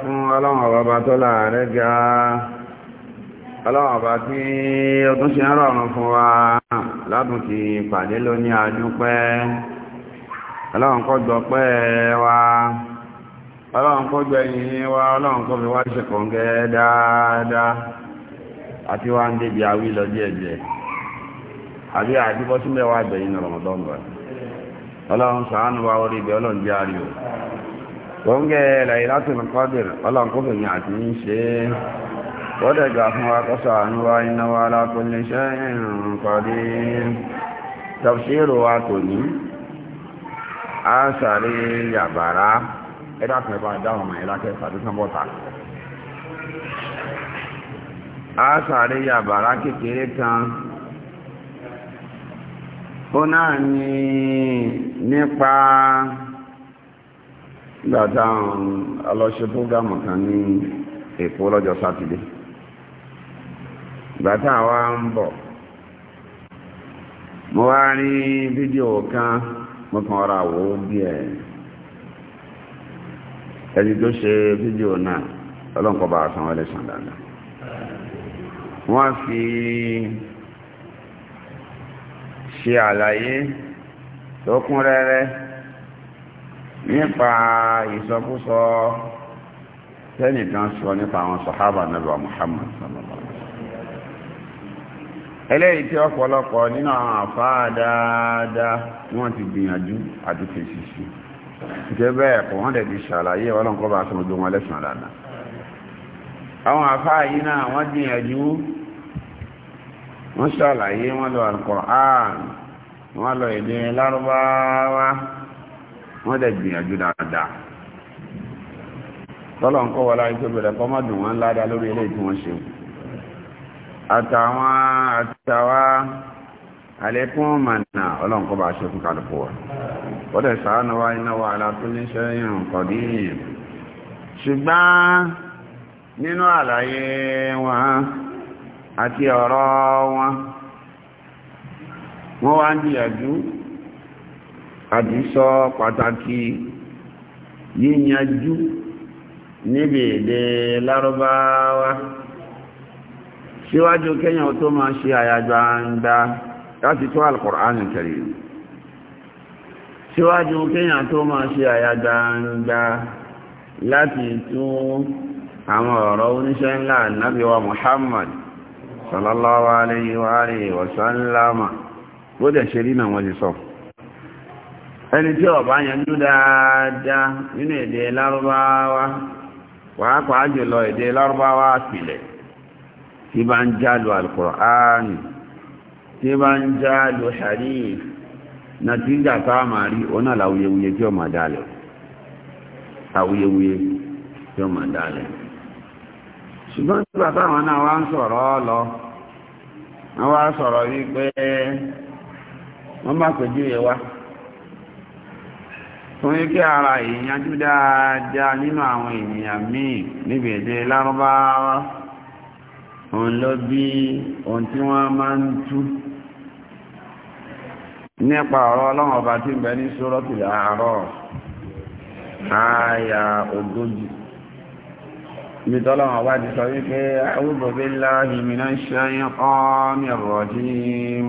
fún ọlọ́run ọba tó láàrẹ́ ga ọlọ́run ọba tí ó tún ṣe rọrùn fún wa látún ti pàdé lóní àdúpẹ́ ọlọ́run kó gbọ́pẹ́ wa ọlọ́run kó wa ọlọ́run wá ṣe kọ̀ǹgẹ́ dáadáa àti wá ń wa tó ń gẹ Laylatul Qadr ọlọ́nkófè ní àti ń ṣe é kọ́dẹ̀ fún wa kọ́sọ̀ àánúwá iná wa ala kulli wa tò ní a sàrí yàbàrá kékeré kan ó náà ní nípa gbàtà ọlọ́ṣẹ́ prógámù kan ní èkó lọ́jọ́ sátidé gbàtà wa ń bọ̀ mo wá ní fídíò kan mo kàn ra bí ẹ̀ ẹni tó ṣe fídíò náà ọlọ́nkọba bá san wọlé wọ́n fi ṣe àlàyé tó kún rẹ́rẹ́ nípa ìsọkúsọ tẹ́nìkan sọ nípa àwọn sọ̀hábà nàbà Muhammad sallallahu alaihi tí ọ̀pọ̀lọpọ̀ nínú àwọn àfáà dáadáa wọ́n ti gbìyànjú àti fèsì sí ìjẹ́ bẹ́ẹ̀ kò wọ́n ṣàlàyé ọlọ́nkọ́ sọ ojú wọn lẹ́sùn dáadáa àwọn àfáà yìí náà wọ́n gbìyànjú wọ́n ṣàlàyé wọ́n lọ Al-Qur'an wọ́n lọ èdè lárúbáwá wọ́n dẹ̀ gbìyànjú dáadáa tọ́lọ̀ ń kọ́ wọlá ikú bẹ̀rẹ̀ dùn wọ́n ládá lórí ilé tí wọ́n ṣe àtàwọn àtàwà àlékún mànà ọlọ́nkọ́ bá ṣe fún kálukú wa wọ́n sàánú iná wa wọn àti ọ̀rọ̀ wọn wọ́n wá àti sọ pàtàkì yíyanjú níbi èdè lárúbáwá síwájú kẹ́yàn tó máa ṣe àyájọ́ àǹdá láti tó alkùránì karim síwájú kẹ́yàn tó máa ṣe àyájọ́ àǹdá láti tó àwọn ọ̀rọ̀ oníṣẹ́ ńlá nábì Muhammad sallallahu alayhi wa sallama bó dẹ̀ ṣe rí náà wọ́n ti ẹni tí ọba yanjú dáadáa nínú èdè lárúbáwá pàápàá jùlọ èdè lárúbáwá àpìlẹ̀ tí bá ń jálu alukur'ani tí bá ń jálu hadith na tí ń jàtọ́ àmàrí ọ̀nà làwuyewuye tí ó máa dálẹ̀ àwuyewuye tí ó máa dálẹ̀ ṣùgbọ́n tí bàtà àwọn náà wá ń sọ̀rọ̀ lọ wọ́n wá sọ̀rọ̀ wípé wọ́n bá pèjú yẹ wá torí kí ara ìyanjú dáadáa nínú àwọn ènìyàn míì níbi èdè lárúbáwá òun ló bí ohun tí wọ́n máa ń tú nípa ọ̀rọ̀ ọlọ́run ọba tí ń bẹ ní sórọ́tù àárọ̀ ààyà ogójì ibi tọ́lọ́run ọba ti sọ wípé a'udhu billahi minash shaytanir rajim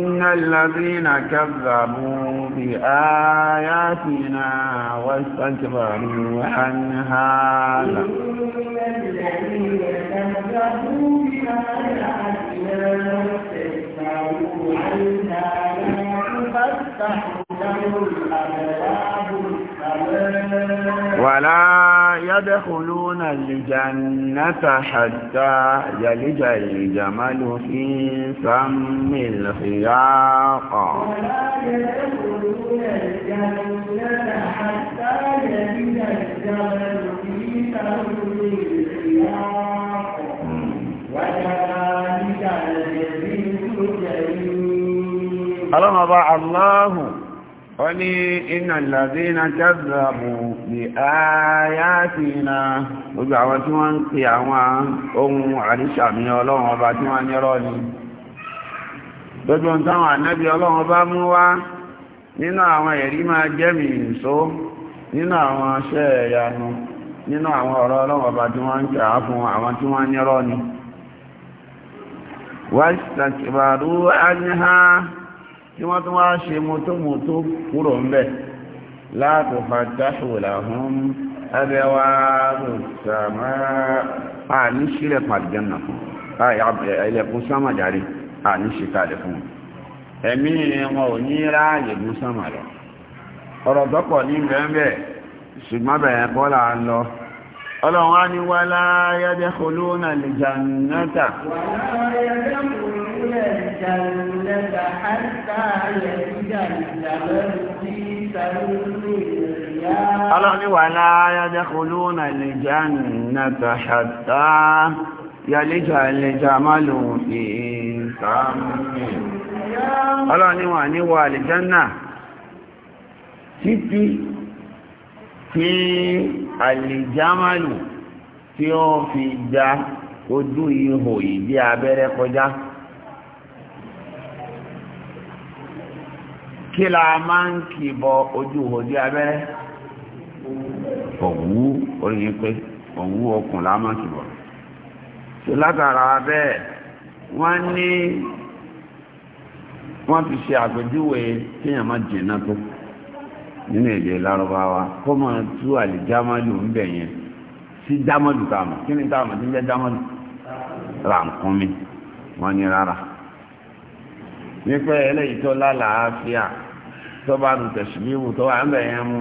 إن الذين كذبوا بآياتنا واستكبروا عنها إن الذين كذبوا بآياتنا واستكبروا عنها لا تفتح لهم الأبواب ولا يدخلون الجنة حتى يلج الجمل في سم الخياق ولا يدخلون الجنة حتى يلج الجمل في سم الخياق وكذلك الجزيز جريم الله ọní iná ìlàdé iná jágbàmù ní àyàtìna gbogbo àwọn tí wọ́n ń pè àwọn ohun àríṣàmì ọlọ́run ọba tí wọ́n nírọ́ ni gbogbo táwọn ànábì ọlọ́run ọba mú wá nínú àwọn ẹ̀rí máa jẹ́mì ìṣó nínú àwọn aṣẹ́ ẹ̀yanu nínú ọba tí wọ́n ń tí wọ́n tún wá ṣe mọ́tòmọ́tò kúrò ń bẹ̀ láti fàtàṣù làhún abẹ́wà sàmà a ní sílẹ̀ pàdánà fún ilẹ̀kùn sámà járe a ní ṣe kalẹ̀ fún ẹ̀mí wọn ò ní ráàyè gún sámà ọ̀rọ̀ tọ́pọ̀ ní bẹ́ẹ̀ bẹ́ẹ̀ ṣùgbọ́n bẹ̀rẹ̀ bọ́lá lọ ọlọ́run á ní wá láyẹ́dẹ́ olóòrùn àlèjànátà ọlọ́run wà láyẹ́dẹ́ olóòrùn àlèjànátà ṣàtà yàlẹ́jà àlèjà málòun ìsàmì ọlọ́run wà níwà àlèjánà títí tí àlìjámàlù tí ó fi gba ojú ihò ìdí abẹ́rẹ́ kọjá kí la máa ń kìbọ ojú ihò ìdí abẹ́rẹ́ òwú oyin pé òwú okùn la máa kìbọ ṣe látara bẹ́ẹ̀ wọ́n ní wọ́n ti ṣe àpèjúwe kéèyàn má jìnnà tó kù nínú èdè lárúbáwá kó máa tú àlìjámálù ń bẹ̀ yẹn sí jámálù táàmù kí ni táàmù tí ń jẹ́ jámálù ràǹkúnmi wọ́n ní rárá wípé eléyìí tó lálàáfíà tó bá nu tẹ̀síbíwù tó wà ń bẹ̀ yẹn mú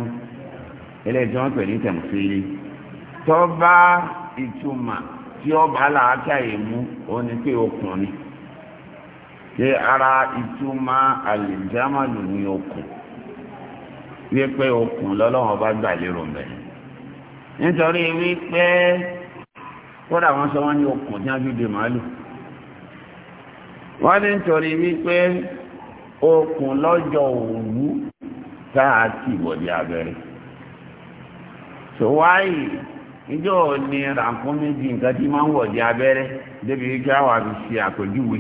eléyìí tí wọ́n pè ní tẹ̀mùsílì tó bá ìtumà tí ó bá làákà yìí mú òun ni pé okùn ni ṣé ara ìtumà àlìjámálù ni okùn wípé okùn lọ́lọ́wọ́n bá gbà lérò mẹ́ nítorí wípé kódà wọ́n sọ wọ́n ní okùn tí wọ́n fi dè màálù wọ́n ní nítorí wípé okùn lọ́jọ́ òwú tá a ti ìbọ̀dí abẹ́rẹ́ tòwáyì ìjọ ní ràǹkún méjì nǹkan tí máa ń wọ̀dí abẹ́rẹ́ débi kí àwọn àfi ṣe àpèjúwe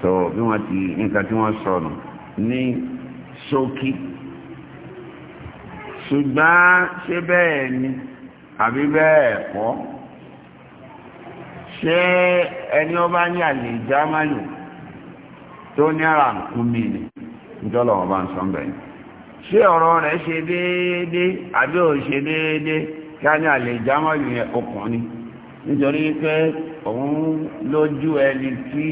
so bí wọ́n ti nǹkan tí wọ́n sọnù ní ṣókí ṣùgbọ́n ṣé bẹ́ẹ̀ ni àbí bẹ́ẹ̀ kọ́ ṣé ẹni ọba ní àlè jámánù tó ní ara nkúmi ni ìjọlọ ọba ń sọ bẹ́ẹ̀ ṣé ọ̀rọ̀ rẹ̀ ṣe déédé àbí ò ṣe déédé kí a ní àlè jámánù yẹn ọkùnrin nítorí pé òun lójú ẹni tí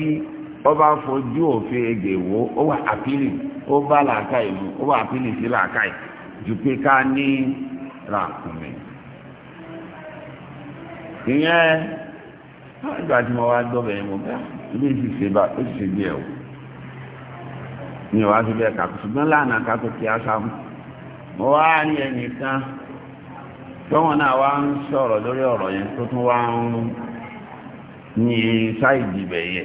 ọba fojú òfin egèwó ó wà àpílì ó bá làákà ìlú ó wà pínlẹ̀ làákà ì ju pé ká ní ràkùnmí ìyẹn nígbà tí mo wá gbọ́bẹ̀ yẹn mo bẹ́ẹ̀ ilé sì ṣe bá ó sì ṣe díẹ̀ o mi ò wá fi bẹ́ẹ̀ kàkó ṣùgbọ́n lánàá ká kí á sáàmù mo wá rí ẹnìkan tọ́wọ́n náà wá ń sọ̀rọ̀ lórí ọ̀rọ̀ yẹn tó tún wá ń ní sáìdì bẹ̀yẹ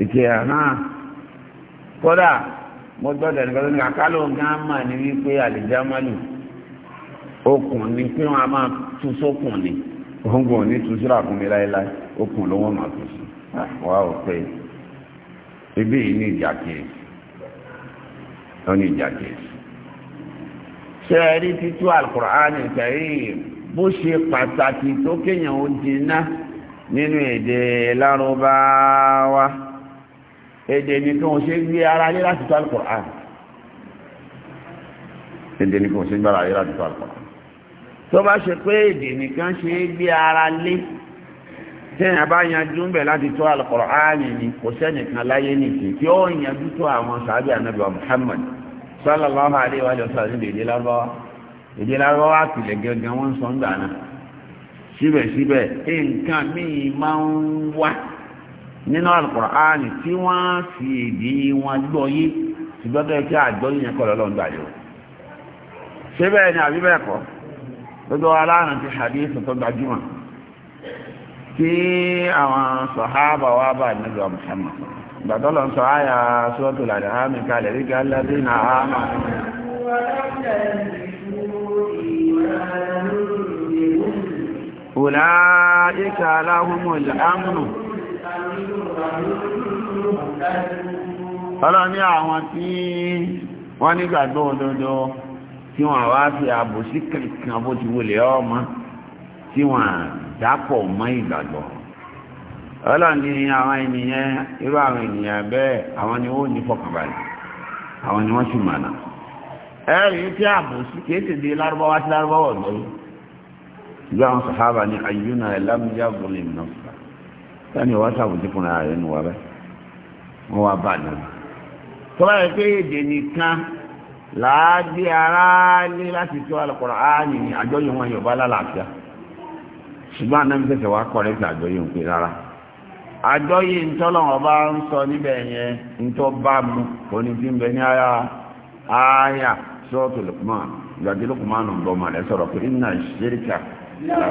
ìkẹyà náà kódà mo ndị ẹnìkan tó ní àkálò gáàmà ní wípé àlìjámálù okùn ní pé wọn a máa tú sókùn ni oògùn ní ni síra mi láéláé okùn ló wọn máa tú sí ah, wàá ò pé ibi yìí ní ìjà ṣe rí títú bó ṣe pàtàkì tó kéèyàn ó nínú èdè nìkan ṣe gbé ara lé láti tó Al-Qur'an èdè nìkan ṣe gbé ara lé láti tó Al-Qur'an tó bá ṣe pé èdè nìkan ṣe gbé ara lé tẹ́yìn bá yanjú ń bẹ̀ láti tó Al-Qur'an ni kò sẹ́nìkan láyé nìkan tí ó yanjú tó àwọn sàábì Ànábì wa Muhammad sallallahu alaihi wa sallam èdè lárúbáwá èdè lárúbáwá tìlẹ̀ gẹ́gẹ́ wọ́n sọ ń gbà náà síbẹ̀síbẹ̀ nǹkan míì máa ń wá nínú alukur'ani tí wọ́n fi èdè wọn gbọ́ yé ṣùgbọ́n tó yẹ kí àgbọ́yé yẹn kọ́ lọ́lọ́run gbà yọ. ṣé bẹ́ẹ̀ ni àbí bẹ́ẹ̀ kọ́ gbogbo ti hadith tó gbajúmọ̀ tí àwọn sọ̀hábà wà bá nílùú àmùsàmù gbàdọ́ lọ sọ àyà sọ́tò làdà ọlọ́ ní àwọn tí wọ́n nígbàgbọ́ òdodo tí wọ́n wá fi àbòsí kankan bó ti ọmọ tí wọ́n dápọ̀ mọ́ ìgbàgbọ́ ọlọ́ ní àwọn ènìyàn irú àwọn ènìyàn bẹ́ẹ̀ àwọn ni ó ní àwọn ni wọ́n sì mọ̀nà ẹ̀rí tí àbòsí ti di sí lárúbáwá tani wa sàbòjì fúnra rẹ̀ nù wa bẹ́ẹ̀ wọ́n wá bà náà nìkan làágbé ara lé láti tó alùpùpù áàyè àjọyọ̀ wọn Yorùbá lálàáfíà ṣùgbọ́n anábì tẹ̀sẹ̀ wá kọ́ rẹ́pì àjọyọ̀ ń pè rárá àjọyọ̀ ntọ́lọ́wọ́ bá ń sọ níbẹ̀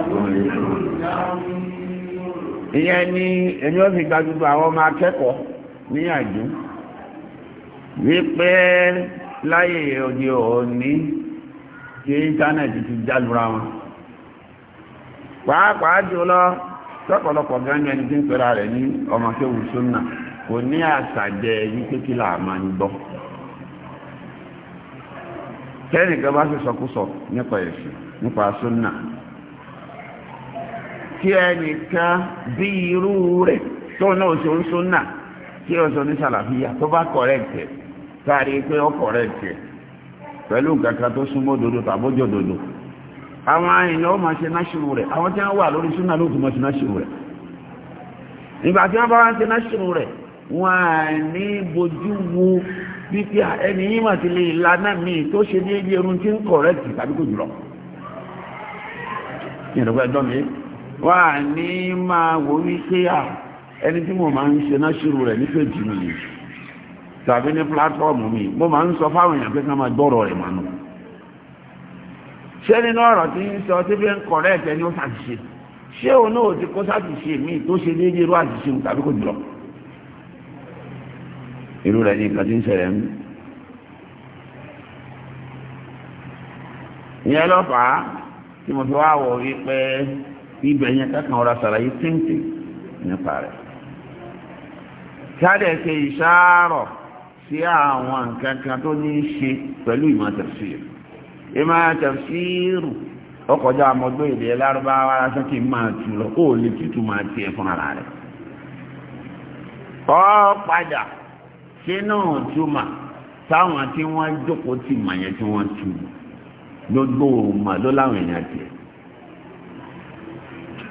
mu ìyẹn ni èmi ò fi gba gbogbo àwọn ọmọ akẹ́kọ̀ọ́ níyànjú wípé láyé òde òní tí íńtánẹ̀tì ti jálura wọn pàápàá jùlọ lọ́pọ̀lọpọ̀ gánú ẹni tí ń pera rẹ̀ ní ọmọ tó wù súnà kò ní àṣàjẹ wípé kí là máa ń gbọ́ kẹ́nìkan bá sì kí ẹnìkan bí irú rẹ̀ tó náà ṣe ń súnà kí ó sọ ní sàlàfíà tó bá kọ̀rẹ́ǹtì káàrí pé ó kọ̀rẹ́ǹtì pẹ̀lú nǹkan kan tó súnmọ́ òdodo tàbójò òdodo àwọn èèyàn ó máa ṣe náṣìrò rẹ̀ àwọn tí wọ́n wà lórí súnà ló tún máa ṣe náṣìrò rẹ̀ ìgbà tí wọ́n bá wá ń ṣe náṣìrò rẹ̀ wọ́n à ní bojú wo bí ẹni yìí mà ti lè lànà míì tó ṣe ní ẹgbẹ́ irun tí ń kọ̀rẹ́ǹtì tàbí kò jùlọ wà ní máa wò wípé à ẹni tí mo máa ń ṣe náà ṣírò rẹ̀ nífẹ̀ẹ́jì mi yìí tàbí ní pílátífọ́ọ̀mù mi mo máa ń sọ fáwọn èèyàn pé ká máa gbọ́rọ̀ rẹ̀ mọ́nú ṣé nínú ọ̀rọ̀ tí ń sọ tí fi ń kọ̀rẹ́ ẹ̀tẹ́ ni ó ṣàṣìṣe ṣé òun náà ti kó ṣàṣìṣe mi tó ṣe déédéé irú àṣìṣe mi tàbí kò jùlọ irú rẹ̀ ní nǹkan tí ń ṣẹlẹ̀ ń ìyẹn lọ́fàá tí mo fi wá wọ̀ wípé ibẹ̀ yẹn kákan ọ̀rọ̀ àṣàlàyé tíntì nípa rẹ̀ káàdẹ̀ ṣe ìṣàárọ̀ sí àwọn nǹkan kan tó ní í ṣe pẹ̀lú ìmọ̀ tafsir ìmọ̀ tafsir ó kọjá ọmọdé èdè lárúbáwá lásán kí n máa tù lọ ó lè tútù máa tiẹ̀ fún ara rẹ̀ kọ́ padà sínú ìtumà táwọn tí wọ́n jókòó tì mọ̀ yẹn tí wọ́n tù gbogbo òun ló láwọn èèyàn tiẹ̀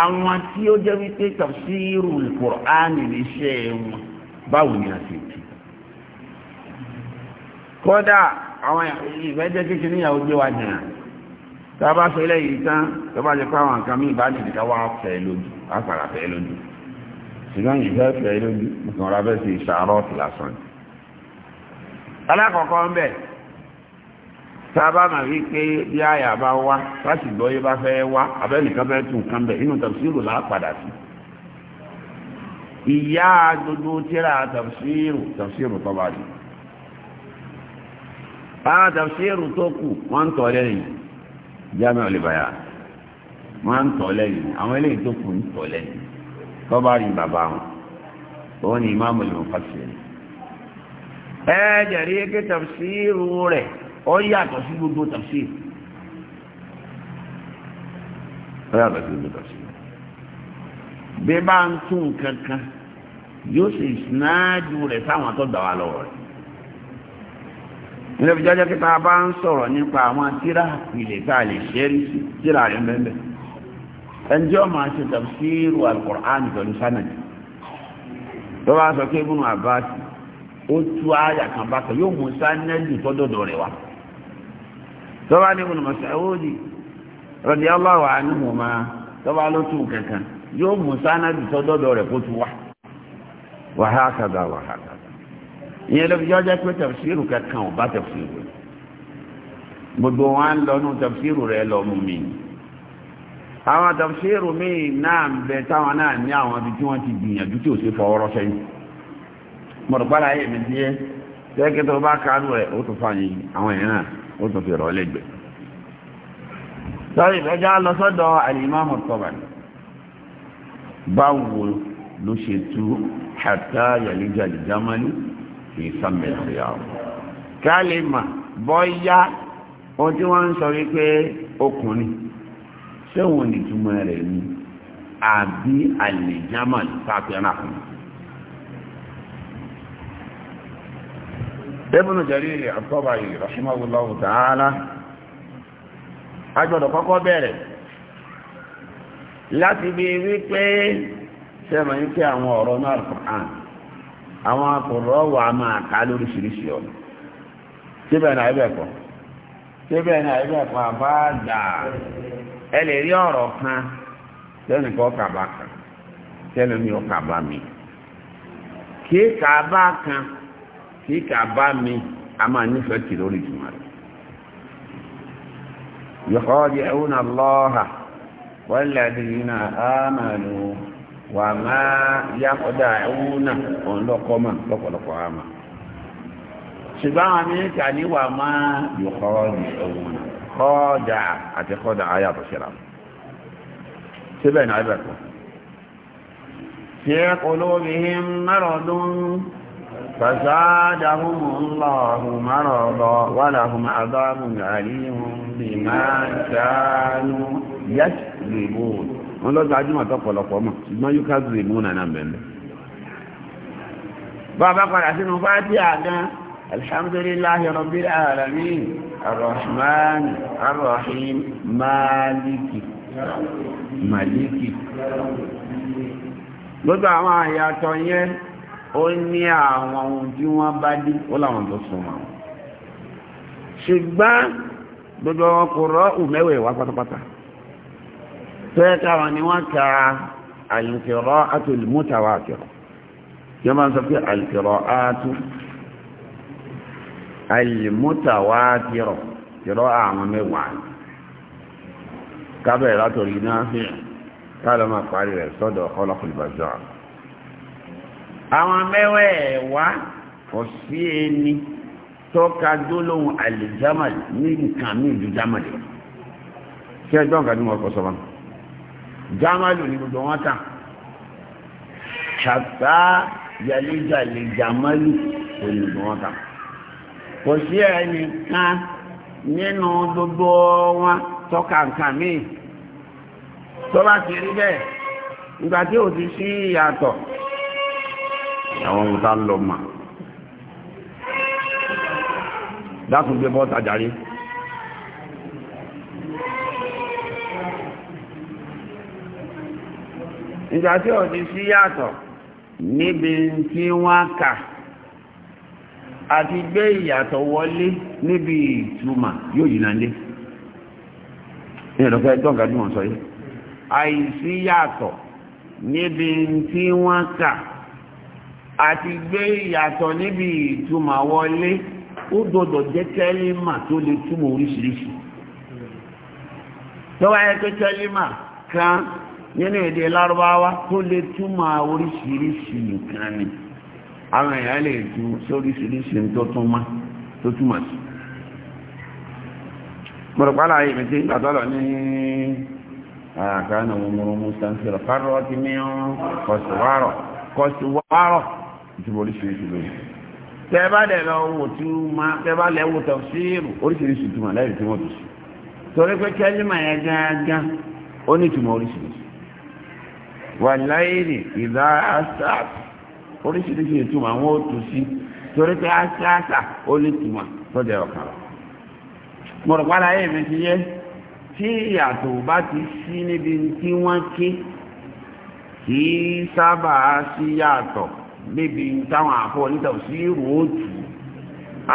àwọn tí ó jẹ́ wípé tafsiru al-Qur'ani níṣẹ́ wọn báwo ni a ti kí kódà àwọn ìfẹ́jẹ́ kékeré ìyàwó gbé wa jìnà tá a bá sọ ilé yìí tán tó bá jẹ́ pé àwọn nǹkan míì bá nìdí ká wá fẹ́ lójú á fara fẹ́ lójú ṣùgbọ́n ìfẹ́ fẹ́ lójú nǹkan ra bẹ́ẹ̀ sí ìṣàárọ̀ tìlásán alákọ̀ọ́kọ́ ń bẹ̀ẹ́ sábà máa rí pé bí àyà bá wá láti gbọ́ yé bá fẹ́ wá abẹ́nìkan fẹ́ tún nǹkan bẹ̀ inú tafsiru là á padà sí. ìyá gbogbo tíra tafsiru tafsiru tó bá dì. tafsiru tó kù wọ́n ń tọ́ lẹ́yìn jámẹ́ olùbáyà wọ́n ń tọ́ lẹ́yìn àwọn eléyìí tó kù ń tọ́ lẹ́yìn tó bá rí bàbá wọn òun ọ yàtọ̀ sí gbogbo tafsir ọ yàtọ̀ sí gbogbo tafsir bí bá ń tún nǹkan kan yóò ṣe ìsinájú rẹ̀ sáwọn tó gbà wá lọ́wọ́ rẹ̀ nílẹ̀ fi jẹ́jẹ́ kí ta bá ń sọ̀rọ̀ nípa àwọn tíra ìpìlẹ̀ tá a lè ṣẹ́rí sí tíra rẹ̀ mẹ́mẹ́ ẹni tí máa ṣe tafsiru al-Qur'an pẹ̀lú sánàdì tó bá sọ pé ibùnú àbáṣì ó tú àyà kan bákan yóò mú sánàdì tọ́dọ̀dọ̀ rẹ̀ wá tọ́ba ní ibùn Mas'ud radiyallahu anhuma tọ́ba ló tún kankan yóò mú sánádì tọ́dọ́dọ̀ rẹ̀ kó tu wá wàhákàdà wàhákàdà ìyẹn lọ́bi jọ́jà pé tafsiru kankan ò bá tafsiru rẹ̀ gbogbo wa ń lọ nù tafsiru rẹ̀ lọ mú mi àwọn tafsiru mi náà ń bẹ táwọn náà ní àwọn ibi tí wọ́n ti gbìyànjú tí ò sí fọwọ́rọ́ sẹ́yìn mọ̀rọ̀pálá yẹ̀ díẹ̀ tẹ́kẹ́tọ̀ bá kánú rẹ̀ ó tún fà ó tún fi rọ̀ lẹ́gbẹ̀ẹ́ sọ́rí ìgbẹ́jọ́ lọ sọ́dọ̀ àlìmáàmù Tabari báwo ló ṣe tú hatta yàlíjà lìjámánì kì í sàmẹ̀sì àwọn kálímà bọ́yá ohun tí wọ́n ń sọ wípé ọkùnrin ṣé òun nìtumọ̀ rẹ̀ ni àbí àlìjámánì sáfẹ́ràn Ibn Jarir At-Tabari rahimahullahu ta'ala agbọ́dọ̀ kọ́kọ́ bẹ̀rẹ̀ lati bí wípé sẹ́mọ̀ ní pé àwọn ọrụ náà Al-Qur'an àwọn akụrụ wà máa ká lóríṣiríṣi ọ̀nà síbẹ̀ náà ibẹ̀ kọ́ síbẹ̀ náà kọ́ kàbá kan tẹ́lẹ̀ mi ò kàbá mi kí kàbá kan. kíkà bá mi a máa nífẹ̀ẹ́ tì lórí ìtumọ̀ rẹ̀ يخادعون الله والذين آمنوا وما يخدعون ọ̀lọ́kọ́mà lọ́pọ̀lọpọ̀ àmà ṣùgbọ́n àmì ìkà ní wà máa يخادعون kọ́dà àti kọ́dà ayàtọ̀ síra síbẹ̀ náà ẹ̀bẹ̀ kan فزادهم الله مرضا ولهم عذاب عليم بما كانوا يكذبون wọ́n lọ́jọ́ ajímọ̀ tọ́pọ̀lọpọ̀ mọ̀ ṣùgbọ́n yóò ká zùlé mú nàná mẹ́lẹ̀ bá a bá padà sínú fáti àgán alhamdulillahi rabbil alamin arrahman arrahim maliki maliki lọ́jọ́ àwọn àyàtọ̀ yẹn ó ní àwọn ohun tí wọ́n bá dí ó láwọn tó súnmọ́ ṣùgbọ́n gbogbo wọn kò rọ́ọ̀hùn mẹ́wẹ̀ẹ́ wá pátápátá tó yẹ káwọn ni wọ́n ka àyìnkìrọ́ àtòlùmọ́tàwà àkìrọ̀ yọ máa ń sọ pé àyìnkìrọ̀ àtò àyìnmọ́tàwàkìrọ̀ kìrọ̀ àwọn mẹ́wàá kábẹ̀rẹ̀ látòrí náà fi kálọ́ máa parí rẹ̀ sọ́dọ̀ ọlọ́kùnrin bàjọ́ àná àwọn mẹ́wẹ̀ẹ̀wá kò sí ẹni tọ́ka gbólóhùn àlìjámàlì ní nǹkan mí ìlú jámàlì rẹ̀ kí ẹjọ́ nǹkan ní wọn kọ sọ́wọ́n jámàlì ní gbogbo wọn tà ṣàtà yàlíjàlè jámàlì ní gbogbo wọn tà kò sí ẹni kan nínú gbogbo wọn tọ́ka nǹkan mí tó bá ti rí bẹ́ẹ̀ ìgbà tí ò ti sí ìyàtọ̀ àwọn ohun tá ń lọ mà dákùn gbé bọ́ta jàre ìgbà tí ò ti sí yàtọ̀ níbi tí wọ́n kà àti gbé ìyàtọ̀ wọlé níbi ìtumà yóò yìí náà lé ní ìrọ̀fẹ́ sọ yìí àìsí àti gbé ìyàtọ̀ níbi ìtumọ̀ wọlé ó gbọdọ̀ jẹ́ kẹ́límà tó lè túmọ̀ oríṣiríṣi tó wáyé pé kẹ́límà kan nínú èdè lárúbáwá tó lè túmọ̀ oríṣiríṣi nǹkan ni àwọn èèyàn lè tú sóríṣiríṣi tó túmọ̀ tó túmọ̀ sí mọ̀rọ̀pálá ìbí tí ìgbàtọ́lọ̀ ní àkànnà mọ̀mọ̀rọ̀ mọ̀sánsẹ̀rọ̀ kárọ̀ ti ní ọ̀rọ̀ kọ̀sùwárọ̀ kọ̀sùwárọ̀ ìtumọ̀ oríṣiríṣi lónìí tẹ́ẹ̀bá lẹ̀ lọ wò tí ma tẹ́ẹ̀bá lẹ̀ wò tọ̀ síìrù oríṣiríṣi ìtumọ̀ láì tí wọ́n tù sí torí pé kẹ́límà yẹn gángan ó ní ìtumọ̀ oríṣiríṣi wà láìrì ìdá asáàt oríṣiríṣi ìtumọ̀ àwọn ó tù sí torí pé asáàtà ó ní ìtumọ̀ tọ́jà ọ̀kan rẹ̀ mo rò pàdé ayé mi ti yẹ tí ìyàtọ̀ bá ti sí níbi tí wọ́n ké kì í sábà sí yàtọ̀ níbi táwọn àfọ onítọ̀sí ròótù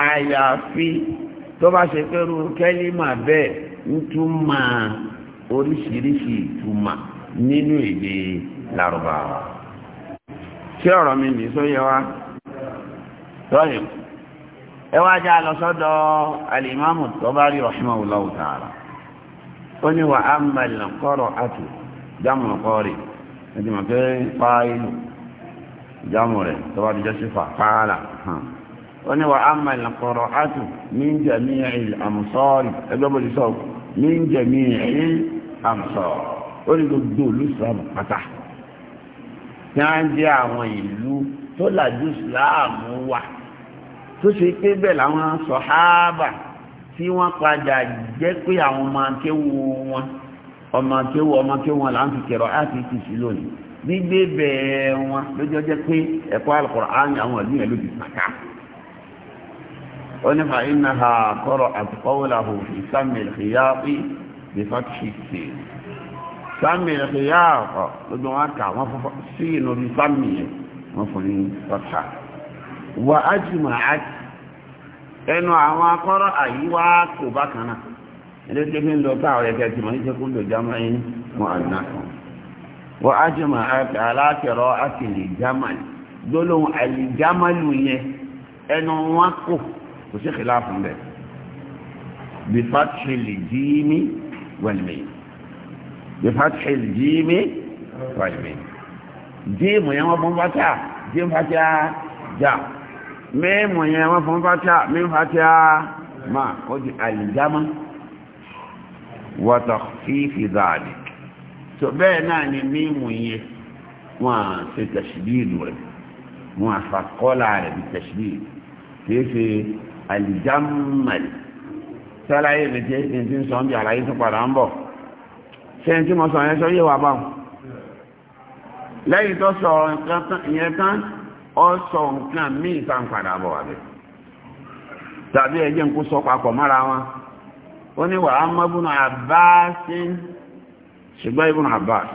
àyàfi tó bá ṣe pé kẹ́límà bẹ́ẹ̀ ń túmọ̀ oríṣiríṣi ìtumọ̀ nínú èdè lárúbáwá ṣé ọ̀rọ̀ mi nì sóyẹ wá tọ́yìn ẹ wá já lọ sọ́dọ̀ alìmáàmù Tabari rahimahullahu ta'ala ó ní wà á mẹ́lẹ̀ kọ́rọ̀ àtù dámù kọ́rì ẹ̀dìmọ̀ pé jámù rẹ̀ tó bá dijọ́ sí fà pààlà hàn ó ní wà ámà ìlànkọ̀rọ̀ átù min jami'il amsari ẹgbẹ́ bó ti sọ min jami'il amsari ó ní gbogbo ìlú islam pátá tí wọ́n jẹ́ àwọn ìlú tó làjú islam wà tó ṣe pé bẹ́ẹ̀ làwọn sọ̀háàbà tí wọ́n padà jẹ́ pé àwọn ọmọ akéwu wọn ọmọ akéwu ọmọ akéwu wọn là ń fi kẹrọ áàtì tì sí lónìí gbígbé bẹ̀ẹ̀ wọn lójó jẹ́ pé ẹ̀kọ́ Al-Qur'an àwọn ìlú yẹn ló ti pàtà ó ní fa iná ha kọ́rọ̀ àtìkọ́wòláhù fi Samuel Khiyafi bí fàkì sí Samuel Khiyafi lójó wọn kà wọn fọ́fọ́ sí inú bí Samuel wọn fún ní pàtà wà á jùmọ̀ á ẹnu àwọn akọ́rọ̀ àyíwá kò bákan náà ilé tí ń lọ bá ọ̀rẹ́kẹ́ tí mo ní ṣe kó yín mọ́ àdínà kan wọ́n ájùmọ̀ aláàkẹ̀rọ àkèlè jámàlì gbólóhùn àìlè jámàlì yẹn ẹnu wọn kò kò sí kìlá fún bẹ́ẹ̀ bifatihil jimi wẹ̀lmẹ̀ bifatihil jimi wẹ̀lmẹ̀ jíìmù yẹn wọ́n fún fata jíìmù fata já mímù yẹn wọ́n fún fata mímù fata máa ó di àìlè jámà wọ́tọ̀ fífi dáadìí tó bẹ́ẹ̀ náà ni mímù yẹn wọ́n á ṣe tẹ̀síbíìlù rẹ̀ wọ́n á fa kọ́là rẹ̀ bí tẹ̀síbíìlù kìí ṣe àlìjámàlì sálàyé méje ní ti ń sọ ń bí àlàyé tó padà ń bọ̀ ṣé ní tí mo sọ yẹn sọ yé wa báwọn lẹ́yìn tó sọ ìyẹn tán ọ sọ nǹkan míì tá ń padà bọ̀ wà bẹ́ẹ̀ tàbí ẹ̀jẹ̀ ń kó sọ papọ̀ mọ́ra wọn ó ní wàá mọ́bùnà àbáṣe ṣùgbọ́n ibùn abbas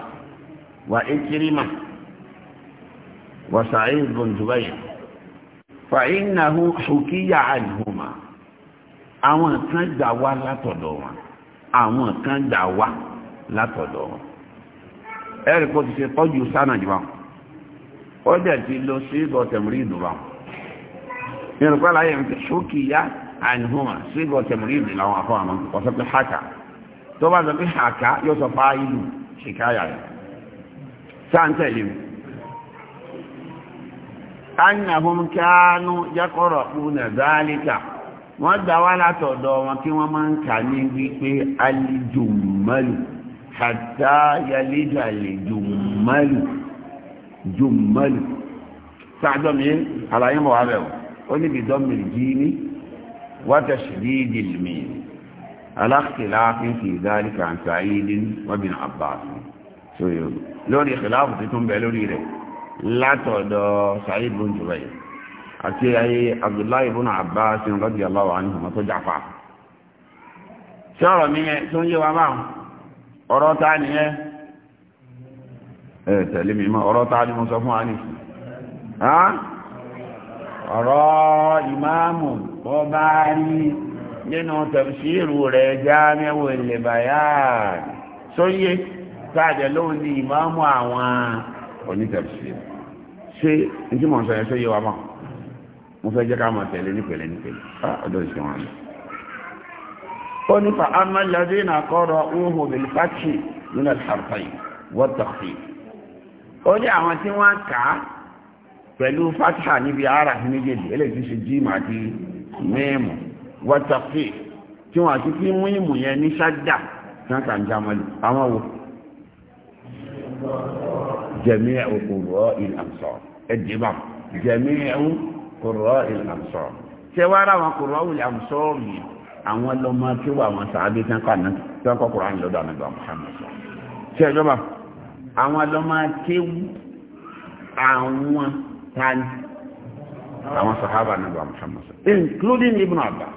wà ikirima wà sa'id bin zubayr fa innahu hukiya anhuma àwọn kan gbà wá látọ̀dọ̀ wọn àwọn kan gbà wá látọ̀dọ̀ wọn ẹ̀rì kò ti ṣe tọ́jú sánà jù wọn ó dẹ̀ ti lọ sí ìgbọ̀tẹ̀mùrí ìlú wọn ìrùkọ́ láyé ń tẹ̀ hukiya anhuma sí ìgbọ̀tẹ̀mùrí ìlú làwọn afọ́ àmọ́ kọ̀sọ́ pé hákàá tó bá sọ pé àká yóò sọ pa ìlú ṣìkáyà rẹ̀ sáńtẹ̀lẹ̀ mu annahum kánú yẹ́kọ̀rọ̀ púnà zálíkà wọ́n gbà wá látọ̀dọ̀ wọn kí wọ́n máa ń kà ní wípé alìjùmọ́lù hatta yalija alìjùmọ́lù jùmọ́lù sáàjọ́ mi àlàyé mọ̀ wá bẹ̀rù ó níbi dọ́mìlì jí ní wátẹ̀ṣì alákìláàfin fi ìdáríkà àti àyídín wọ́bìn àbáàfin so yóò lórí ìkìláàfù tó tún bẹ lórí rẹ̀ látọ̀dọ̀ Sa'id bin Jubayr àti ayé Abdullahi bin Abbas radiyallahu anhuma tó jàfà sọ̀rọ̀ mi yẹn tó ń yé wa máa ọ̀rọ̀ ta ni yẹn ẹ tẹ̀lé mi ọ̀rọ̀ ìmáàmù bọ́ bá rí nínú tẹ̀síìrù rẹ̀ jámẹ́wò ìlẹ̀bàyà sóyé káàdẹ̀ lóhun ní ìmáàmù àwọn onítẹ̀síìrù ṣé n tí mò ń sọ yẹn sóyé wa mọ́ mo fẹ́ jẹ́ ká mọ̀ tẹ̀lé nípele nípele ọjọ́ ìṣẹ́ wọn ni. ó ní fa amẹ́lẹ́dé náà kọ́rọ̀ ohun bìlì fàkì nínú àlùfáàfáì wọ́n tọ̀kì. ó ní àwọn tí wọ́n kà á pẹ̀lú fàkà níbi ara méjèèjì eléyìí wàtàfẹ́ tí wọ́n àti fi mú ìmù yẹn ní ṣájà tí wọ́n kà ń jámọ́lù àwọn wo jẹ̀mí òkúrọ̀ ìlànsọ̀ ẹ̀dì bá jẹ̀mí òkúrọ̀ ìlànsọ̀ ṣé wàá rà wọn kúrọ̀ ìlànsọ̀ yìí àwọn lọ́mọ tí wà wọn sàábí tí wọ́n kà náà tí wọ́n kọ́ kúrọ̀ àyìn lọ́dọ̀ àmì ṣe ìjọba àwọn ọlọ́mọ akéwú àwọn tani àwọn sàhábà náà bá Muhammad including Ibn Abbas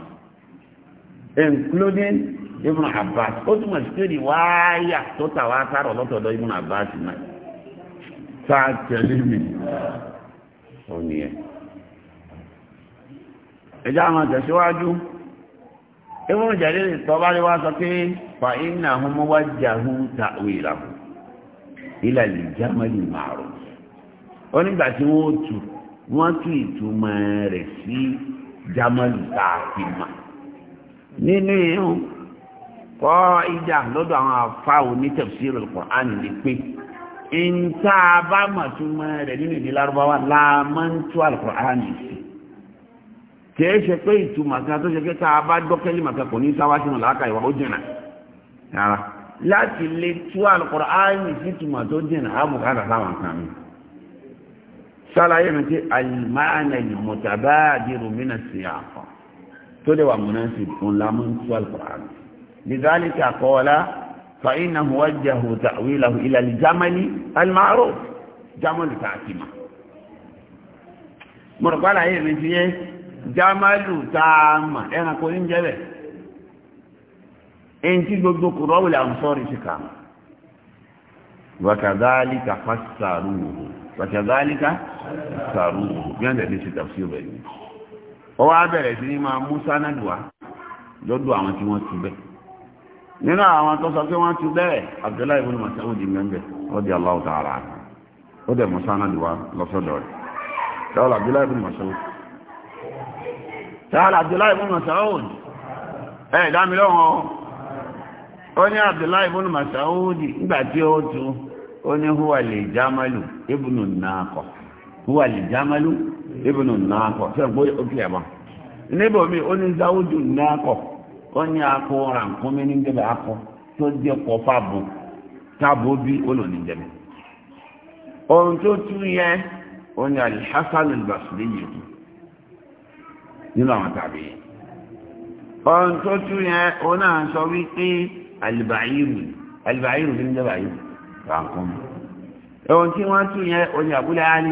including Ibn Abbas ó túnmọ̀ sí pé wáyà tó tà wá lọ́tọ̀ọ̀dọ̀ Ibn Abbas náà sáà tẹ̀lé mi ó nìyẹn ẹjá àwọn tẹ̀síwájú Ibn Jarir tọ́bá wá sọ pé fa innahum wajjahu ta'wilahu ila al-jamal ma'ruf ó nígbà tí wọ́n tù wọ́n tù ìtumọ̀ rẹ̀ sí jámàlù tààfin nínú ìhun kọ́ ìjà lọ́dọ̀ àwọn àfá onítẹ̀síìrì Al-Qur'an lè pé ń tá a bá mọ̀ tún mọ́ rẹ̀ nínú ìdí lárúbáwá la ń tú Al-Qur'an sí kìí ṣe pé ìtumọ̀ kan tó ṣe pé tá a bá gbọ́kẹ́lì màkà kò ní sáwá sínú làákà ìwà ó jìnà rárá láti lè tú Al-Qur'an sí ìtumọ̀ tó jìnà àbùkátà sáwọn kan mi sálàyé mi ti al-ma'na al-mutabadiru min tó lè wà munasib ńlá mú tú alukur'an lidhalika qala fa innahu wajjahu ta'wilahu ila al-jamali al-ma'ruf jámàlù tá a ti mọ̀ mo rò pàdà yìí mi ti yé jámàlù tá a mọ̀ ẹranko ní jẹ́ bẹ̀ èyí tí gbogbo kò rọ́wìlà ń sọ́ọ̀rì sí kà mọ́ وكذلك فسروه وكذلك فسروه يعني ليس تفسير بينه ọwọ́ abẹ̀rẹ̀ sí ní máa mú sánàdùá lọ́dọ̀ àwọn tí wọ́n ti bẹ̀ nínú àwọn tó sọ pé Abdullahi ibn Mas'ud di mẹ́mbẹ̀ ọdí Allahu ta'ala ó dẹ̀ mú sánàdùá lọ́sọ̀dọ̀ rẹ̀ tààlà Abdullahi ibn nígbà tí ó ó ní lè ibùnú nàákọ̀ ṣe gbé òkè ẹ̀mọ́ níbo mi ó ní záwùdù nàákọ̀ ó ní akọ rànkúnmí ní jẹ́bẹ̀ akọ tó jẹ́ kọ fáàbù táàbù bí olóòní jẹ́bẹ̀ ohun tó tún yẹ ó ní alhassan albasiri yìí nínú àwọn tàbí yìí ohun tó tún yẹ ó náà sọ wípé alìbàáyìrù alìbàáyìrù ní jẹ́bẹ̀ àyè rànkúnmí ohun tí wọ́n tún yẹ ó ní àbúlé àlì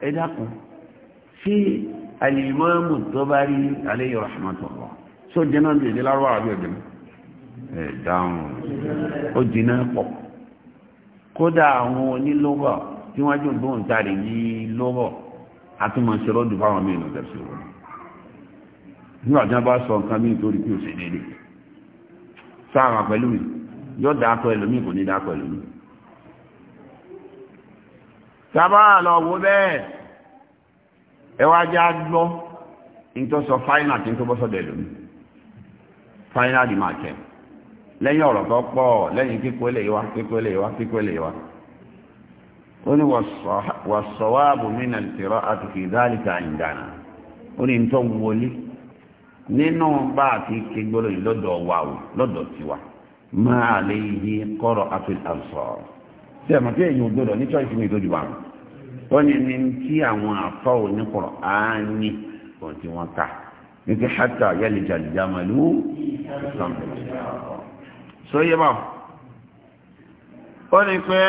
ẹ dákun ṣé alìmọ́mù tó bá rí alayhi rahmatullah só jẹ́nà ní èdè lárúwà àbí ọ̀jẹ̀mú ẹ̀ dáhùn ó jìnà pọ̀ kódà àwọn onílọ́wọ́ tí wọ́n jù bóun tàrí yí lọ́wọ́ àtúmọ̀ṣẹ́ lọ́dún fáwọn mìíràn tẹ̀sí wọn nígbà tí wọ́n bá sábà lọ wo bẹ́ẹ̀ ẹwàjá gbọ́ in tó sọ fáínà tí tó bọ́sọ̀ dẹ̀ lónìí fáínà di máa kẹ lẹ́yìn ọ̀rọ̀ tó pọ̀ lẹ́yìn kíkó lè wá kíkó lè wá kíkó lè wá ó ní wàsọ̀wáàbù mínà tìrọ̀ àtùkì ìdálìkà ìdáná ó ní tó wọlé nínú bá àti kégbóló yìí lọ́dọ̀ wa lọ́dọ̀ tiwa máa lè yí kọ́rọ̀ àti àbùsọ̀rọ̀ tí ẹ̀mọ̀ tí èyí ògbọ́dọ̀ ní choice mi ìdójú bá wọn ní ní tí àwọn àfọ́ onípọ̀rọ̀ á ní ohun tí wọ́n ká ní ti hátà yẹ́lì jàlìjà màlú sóyè bá ó ní pé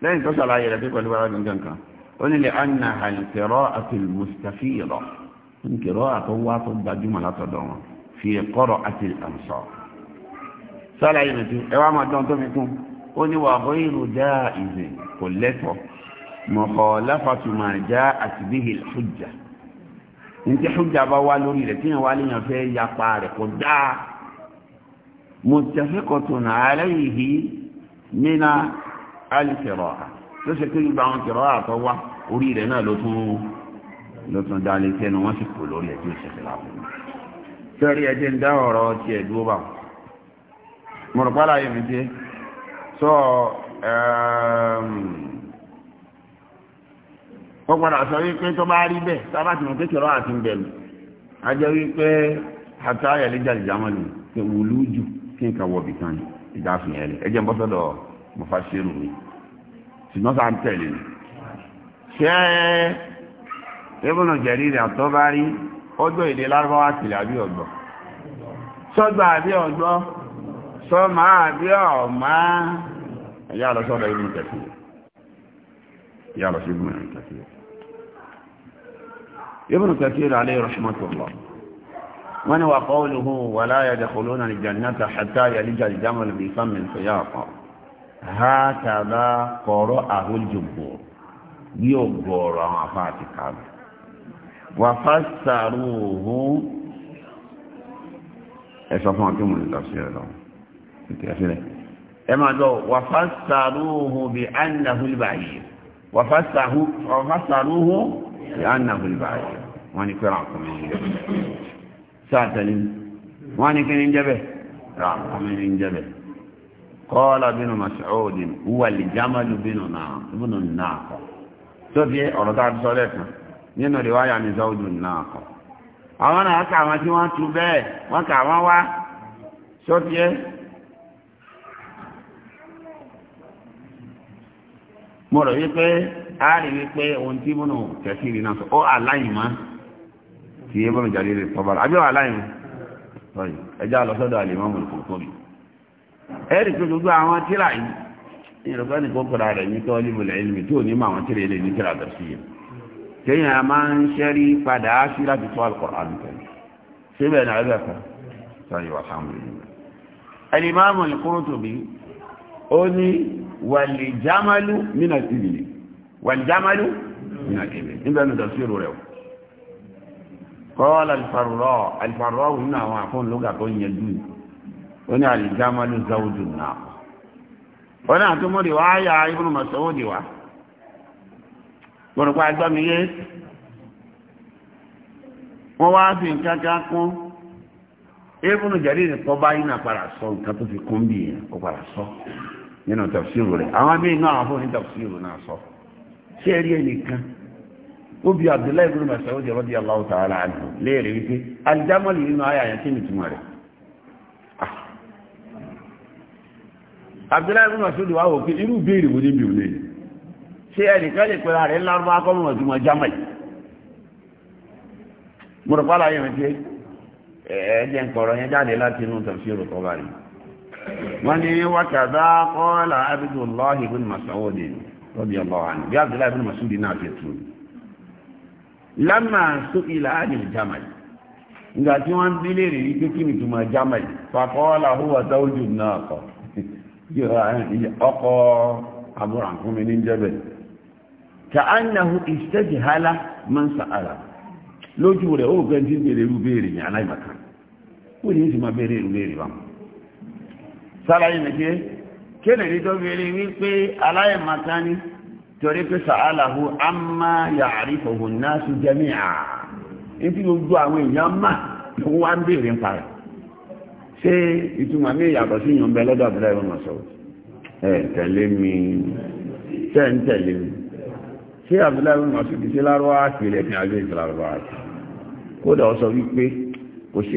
lẹ́yìn tó ṣàlàyé rẹ̀ pípọ̀ nípa ọdún kankan ó ní lè anna àlìkẹ̀rọ àti mùsùlùmí rọ̀ nkẹ̀rọ àtọwọ́ àtọ́ gbajúmọ̀ látọ̀dọ̀ wọn fi ẹ̀kọ́rọ̀ àti àmsọ̀ ṣàlàyé rẹ̀ tí ẹ wá máa dán tó mi kún ó ní wà bọ́ ìrù dá ìzìn kò lẹ́tọ̀ mọ̀kọ́ láfàtúmọ̀ já àti bíhì hujja nítí hujja bá wá lórí rẹ̀ tí yẹn wá léyàn fẹ́ yapa rẹ̀ kò dáa muttafiqatun alayhi mina al-qira'a tó ṣe pé gbogbo àwọn kìrọ̀ àtọ́ wá orí rẹ̀ náà ló tún ló tún dá lé tẹ́nu wọ́n sì kò lórí ẹjọ́ ìṣẹ̀lẹ̀ láàbù sọ́rí ẹjẹ́ ń dá ọ̀rọ̀ ti ẹ̀dúró bá mọ̀rọ̀pá láyé mi dé so ó um, padà sọ wípé tó bá rí bẹ́ẹ̀ tá a bá àti ń bẹ̀rù a jẹ́ wípé àtà ẹ̀lẹ́jà ìjàmọ̀ ni kí wùlú jù kí n kà wọ̀ bìkan ìdáfin ẹ̀ lẹ̀ ẹ jẹ́ ń bọ́ sọ́dọ̀ mọ̀fà ṣerú mi ṣùgbọ́n sáà ń tẹ̀lé ni ṣé jẹ̀rí rẹ̀ bá rí ọjọ́ èdè lárúbáwá àbí sọ́gbà سمع يا رسول الله ابن كثير يا رسول الله ابن كثير ابن كثير عليه رحمة الله من هو قوله ولا يدخلون الجنة حتى يلج الجمل بفم الخياطة هكذا قرأه الجمهور يقرأ فاتك هذا وفسروه اسفانكم من التفسير لهم ìtẹ̀sílẹ̀ ẹ máa lọ wàfàṣàrúhù bí annahulbàyè wàfàṣàrúhù bí annahulbàyè wọ́n ní pé ràkúnmí ní jẹ́bẹ̀ sáàtẹ̀lì wọ́n ní kí ní jẹ́bẹ̀ ràkúnmí ní jẹ́bẹ̀ kọ́ọ̀lá bínú mas'ud wà lè jámàlú bínú náà tó fi ọ̀rọ̀ tá a ti sọ lẹ́ẹ̀kan nínú ìwáyà ní zawjun náà kọ̀ àwọn náà kà tí wọ́n tu bẹ́ẹ̀ wọ́n kà wọ́n wá mo rọ̀ wípé a rí wípé ohun tí múnú tẹ̀sí ìrìnà sọ ó aláìmọ́ tí é bọ́nà jàrí rẹ̀ pọ̀bára àbí aláìmọ́ sọ́yìn ẹjá lọ sọ́dọ̀ àlèmọ́ mọ̀ kò tóbi ẹ̀rì tó gbogbo àwọn tíra yìí ìrọ̀gbẹ́ ní kókòrò rẹ̀ ní tọ́lí bọ̀lẹ̀ ilmi tí ò ní mọ̀ àwọn tíra ilé ní tíra tó al ó ní wàlìjámálú mínà tìbìlì wàlìjámálú mínà tìbìlì níbẹ̀ ní tafsir rẹ̀ kọ́ọ̀lá alfarọ́ alfarọ́ nínú àwọn àfọ́n lóga tó yẹ jù ó ní alìjámálú záwùjù náà wọ́n náà tó mọ́rí mas'ud wa gbọ́dọ̀pá agbámiyé wọ́n wá fi nǹkan kan kún fi nínú tafsiru rẹ̀ àwọn míì náà àwọn ní tafsiru náà sọ ṣé ẹ rí ẹnìkan ó bi abdullahi ibn Mas'ud radiyallahu ta'ala anhu léèrè wípé alìjámọ́lì nínú ayé àyàn kí ni túmọ̀ rẹ̀ ah. abdullahi ibn Mas'ud wà wò pé irú béèrè wo ní bí òun lè ṣé ẹnìkan lè pẹ̀lú ààrẹ ńlá rúbá kọ́mọ̀ tí wọ́n yìí mo rò pálá yẹn ti ẹ̀ẹ́dẹ̀ ń kọ̀rọ̀ yẹn jáde láti inú tafsiru kọ́ báyìí wọ́n ní wákàtá kọ́ọ̀lá abdullahi ibn masaudi rọ́bì ọlọ́wà ní bí abdullahi ibn masaudi náà fi tún lámà sọ ilà ánì jamal ìgbà tí wọ́n bí léèrè rí pé kí ni túmọ̀ jamal fàkọ́ọ̀lá huwa zawju náà kọ́ ọkọ̀ abúrànkúnmi ní jẹ́bẹ̀ ka annahu man sa'ala lójú rẹ̀ ó ní aláìmọ̀kan ó ní máa sálàyé nìké kí lè rí tó fi rí wípé aláìmọ̀ta ni torí pé sàálàhù á máa yàrí fòhùn náà sí jẹ́mí à ní tí gbogbo àwọn èèyàn mà ló wá ń béèrè ń parẹ́ ṣé ìtumọ̀ mi yàtọ̀ sí lọ́dọ̀ ẹ̀rọ ẹ̀ tẹ̀lé mi ń tẹ̀lé mi ṣé ṣe kódà ọ sọ wípé kò sí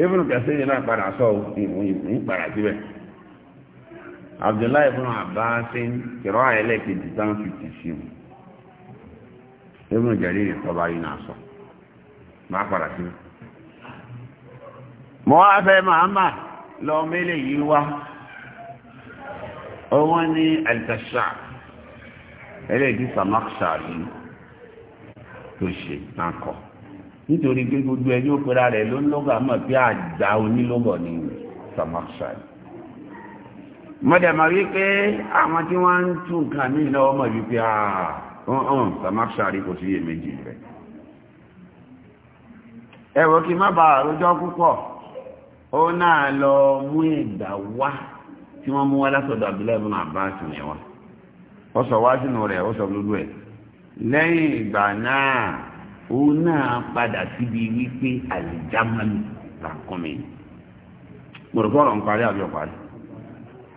ibùn kẹsí yìí náà padà sọ ìwọ̀n ìpàdà síbẹ̀ abdullahi ibùn abbasin kìrọ ẹlẹ́kejì tán fìtì sí mu ibùn jẹ̀rí ní tọ́ba yìí náà sọ máa padà síbẹ̀ mọ́ afẹ́ màmá lọ mẹ́lẹ̀ yìí wá wọ́n ní àlìtàṣà ẹlẹ́kejì sàmáṣà yìí tó ṣe náà kọ́ nítorí pé gbogbo ẹni òpera rẹ̀ ló ń lọ́gà mọ̀ pé àjà onílọ́gọ̀ ni samarshal mọ́dẹ̀mọ̀ wípé àwọn tí wọ́n ń tún nǹkan ní ìlọ́wọ́ mọ̀ wípé ààrùn ah, samarshal kò sí èméjì rẹ̀ ẹ̀wọ̀ kí má bàa rojọ́ púpọ̀ ó náà lọ mú ìgbà wá tí wọ́n mú wá látọ̀dọ̀ àbílẹ̀ ìbùn àbá àtìmẹ̀wá ó sọ wá sínú rẹ̀ ó sọ gbogbo ẹ̀ lẹ́yìn ìgbà náà òun náà padà síbi wípé àlìjámánì làkúnmi mo rò fọ́ọ̀rọ̀ ń parí àbí ọ̀parí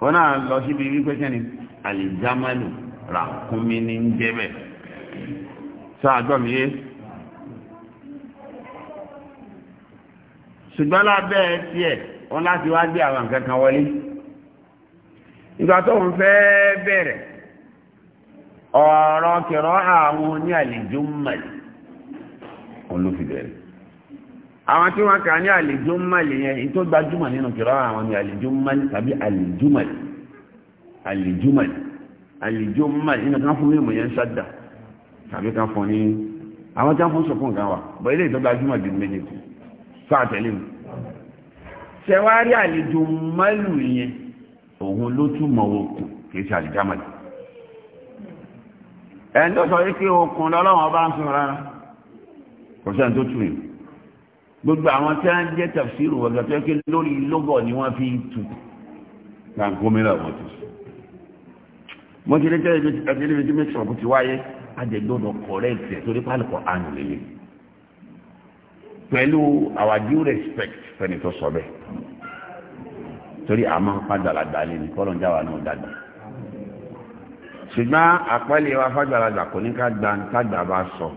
òun náà lọ síbi wípé kẹ́ni àlìjámánì làkúnmi ní ń jẹ́ bẹ́ẹ̀ sọ àgbọ̀ mi yé ṣùgbọ́n lábẹ́ tiẹ̀ wọn láti wá gbé àwọn nǹkan kan wọlé ìgbà tó ń fẹ́ bẹ̀rẹ̀ olófin bẹ̀rẹ̀ àwọn tí wọ́n kà ní àlejò mọ́lì yẹn èyí tó gbajúmọ̀ nínú kìrọ́ àwọn ni àlejò mọ́lì tàbí àlejò mọ́lì àlejò mọ́lì àlejò mọ́lì nínú kan fún mímu yẹn ṣáda tàbí kan fún ní àwọn tí wọ́n fún sọ̀kún kan wà bọ́ ilé ìtọ́jú ajúmọ̀ di méjèèjì fún àtẹ̀lé mi ṣẹ̀wárí àlejò mọ́lù yẹn òun ló túmọ̀ okùn kì í ṣe àlejò mọ́lì ẹ̀ ń tọ́sọ wípé okùn lọ́lọ́wọ́n bá kọ̀sán tó tù yìí gbogbo àwọn tí wọ́n jẹ́ tafsiru wọ́n gbàtọ́ pé lórí lóbọ̀ ni wọ́n fi tù kankomira wọ́n ti sùn mo ti lé tẹ́lifíṣí mẹ́tìrọ̀pù ti wáyé àjẹgbọ́dọ̀ kọ̀rẹ́ẹ̀tì torí pálíkọ̀ àánú lélẹ̀ pẹ̀lú our due respect fẹ́ni tó sọ bẹ́ẹ̀ torí a máa ń pa dàlàdàlẹ̀ ní kọ́lọ̀njà wa náà dàgbà ṣùgbọ́n àpẹẹlẹ wa fàgbàlagbà kò ní ká gba tágbà bá sọ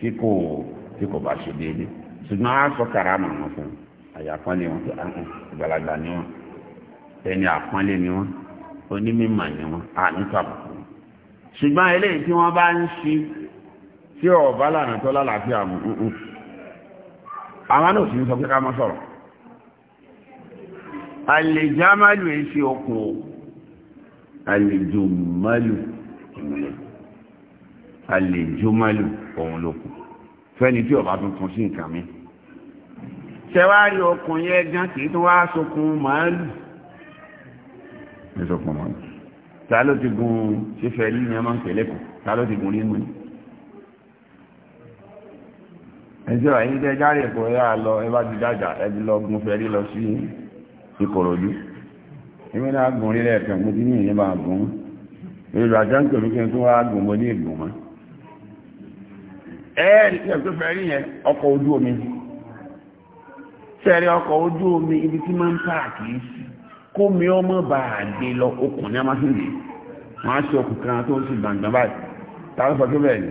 tí kò tí kò bá ṣe déédéé ṣùgbọ́n a sọ karama wọn fún àyàpọ́nlé wọn tó àhùn ah, ah, ìgbàlagbà ni wọn ẹni àpọ́nlé ni wọn onímọ̀ ni wọn à nípa bùkù ṣùgbọ́n eléyìí tí wọ́n bá ń ṣi tí ọ̀bá lànà tó lálàáfíà mú nǹkan mm, mm. àwọn náà sì ń sọ pé ká má sọ̀rọ̀ àlejò amálù èyí sí okùn o àlejò málù òun lókun fẹ́ni tí ọba tuntun sí nǹkan mi ṣẹwárí okùn yẹn gan kì í tún wá sokùn màálù ní sokùn màálù ta ló ti gun ṣífẹ́ yìí ni a máa ń tẹ̀lé kù ta ló ti gun nínú yìí ẹjọ́ ẹ̀yìn tẹ́ járe èkó ẹ̀yà lọ ẹbá ti dájà ẹbí lọ gun fẹ́rí lọ sí Ìkòròdú ẹgbẹ́ náà gùn rí lẹ́ẹ̀kan mo ti ní ìyẹn bá gùn èrò àjọ ń pè mí kí n tún wá gùn mo ní ìgùn mọ́ ẹ̀ẹ́rì tí ẹ̀kọ́ fẹ́ rí yẹn ọkọ̀ ojú omi sẹ́rí ọkọ̀ ojú omi ibi tí máa ń páàkì sí kó mi ọmọ bá a gbé lọ okùn ní amásílẹ̀ wọ́n á ṣe okùn kan tó ń sì gbàngbà báyìí táwọn sọ pé bẹ́ẹ̀ ni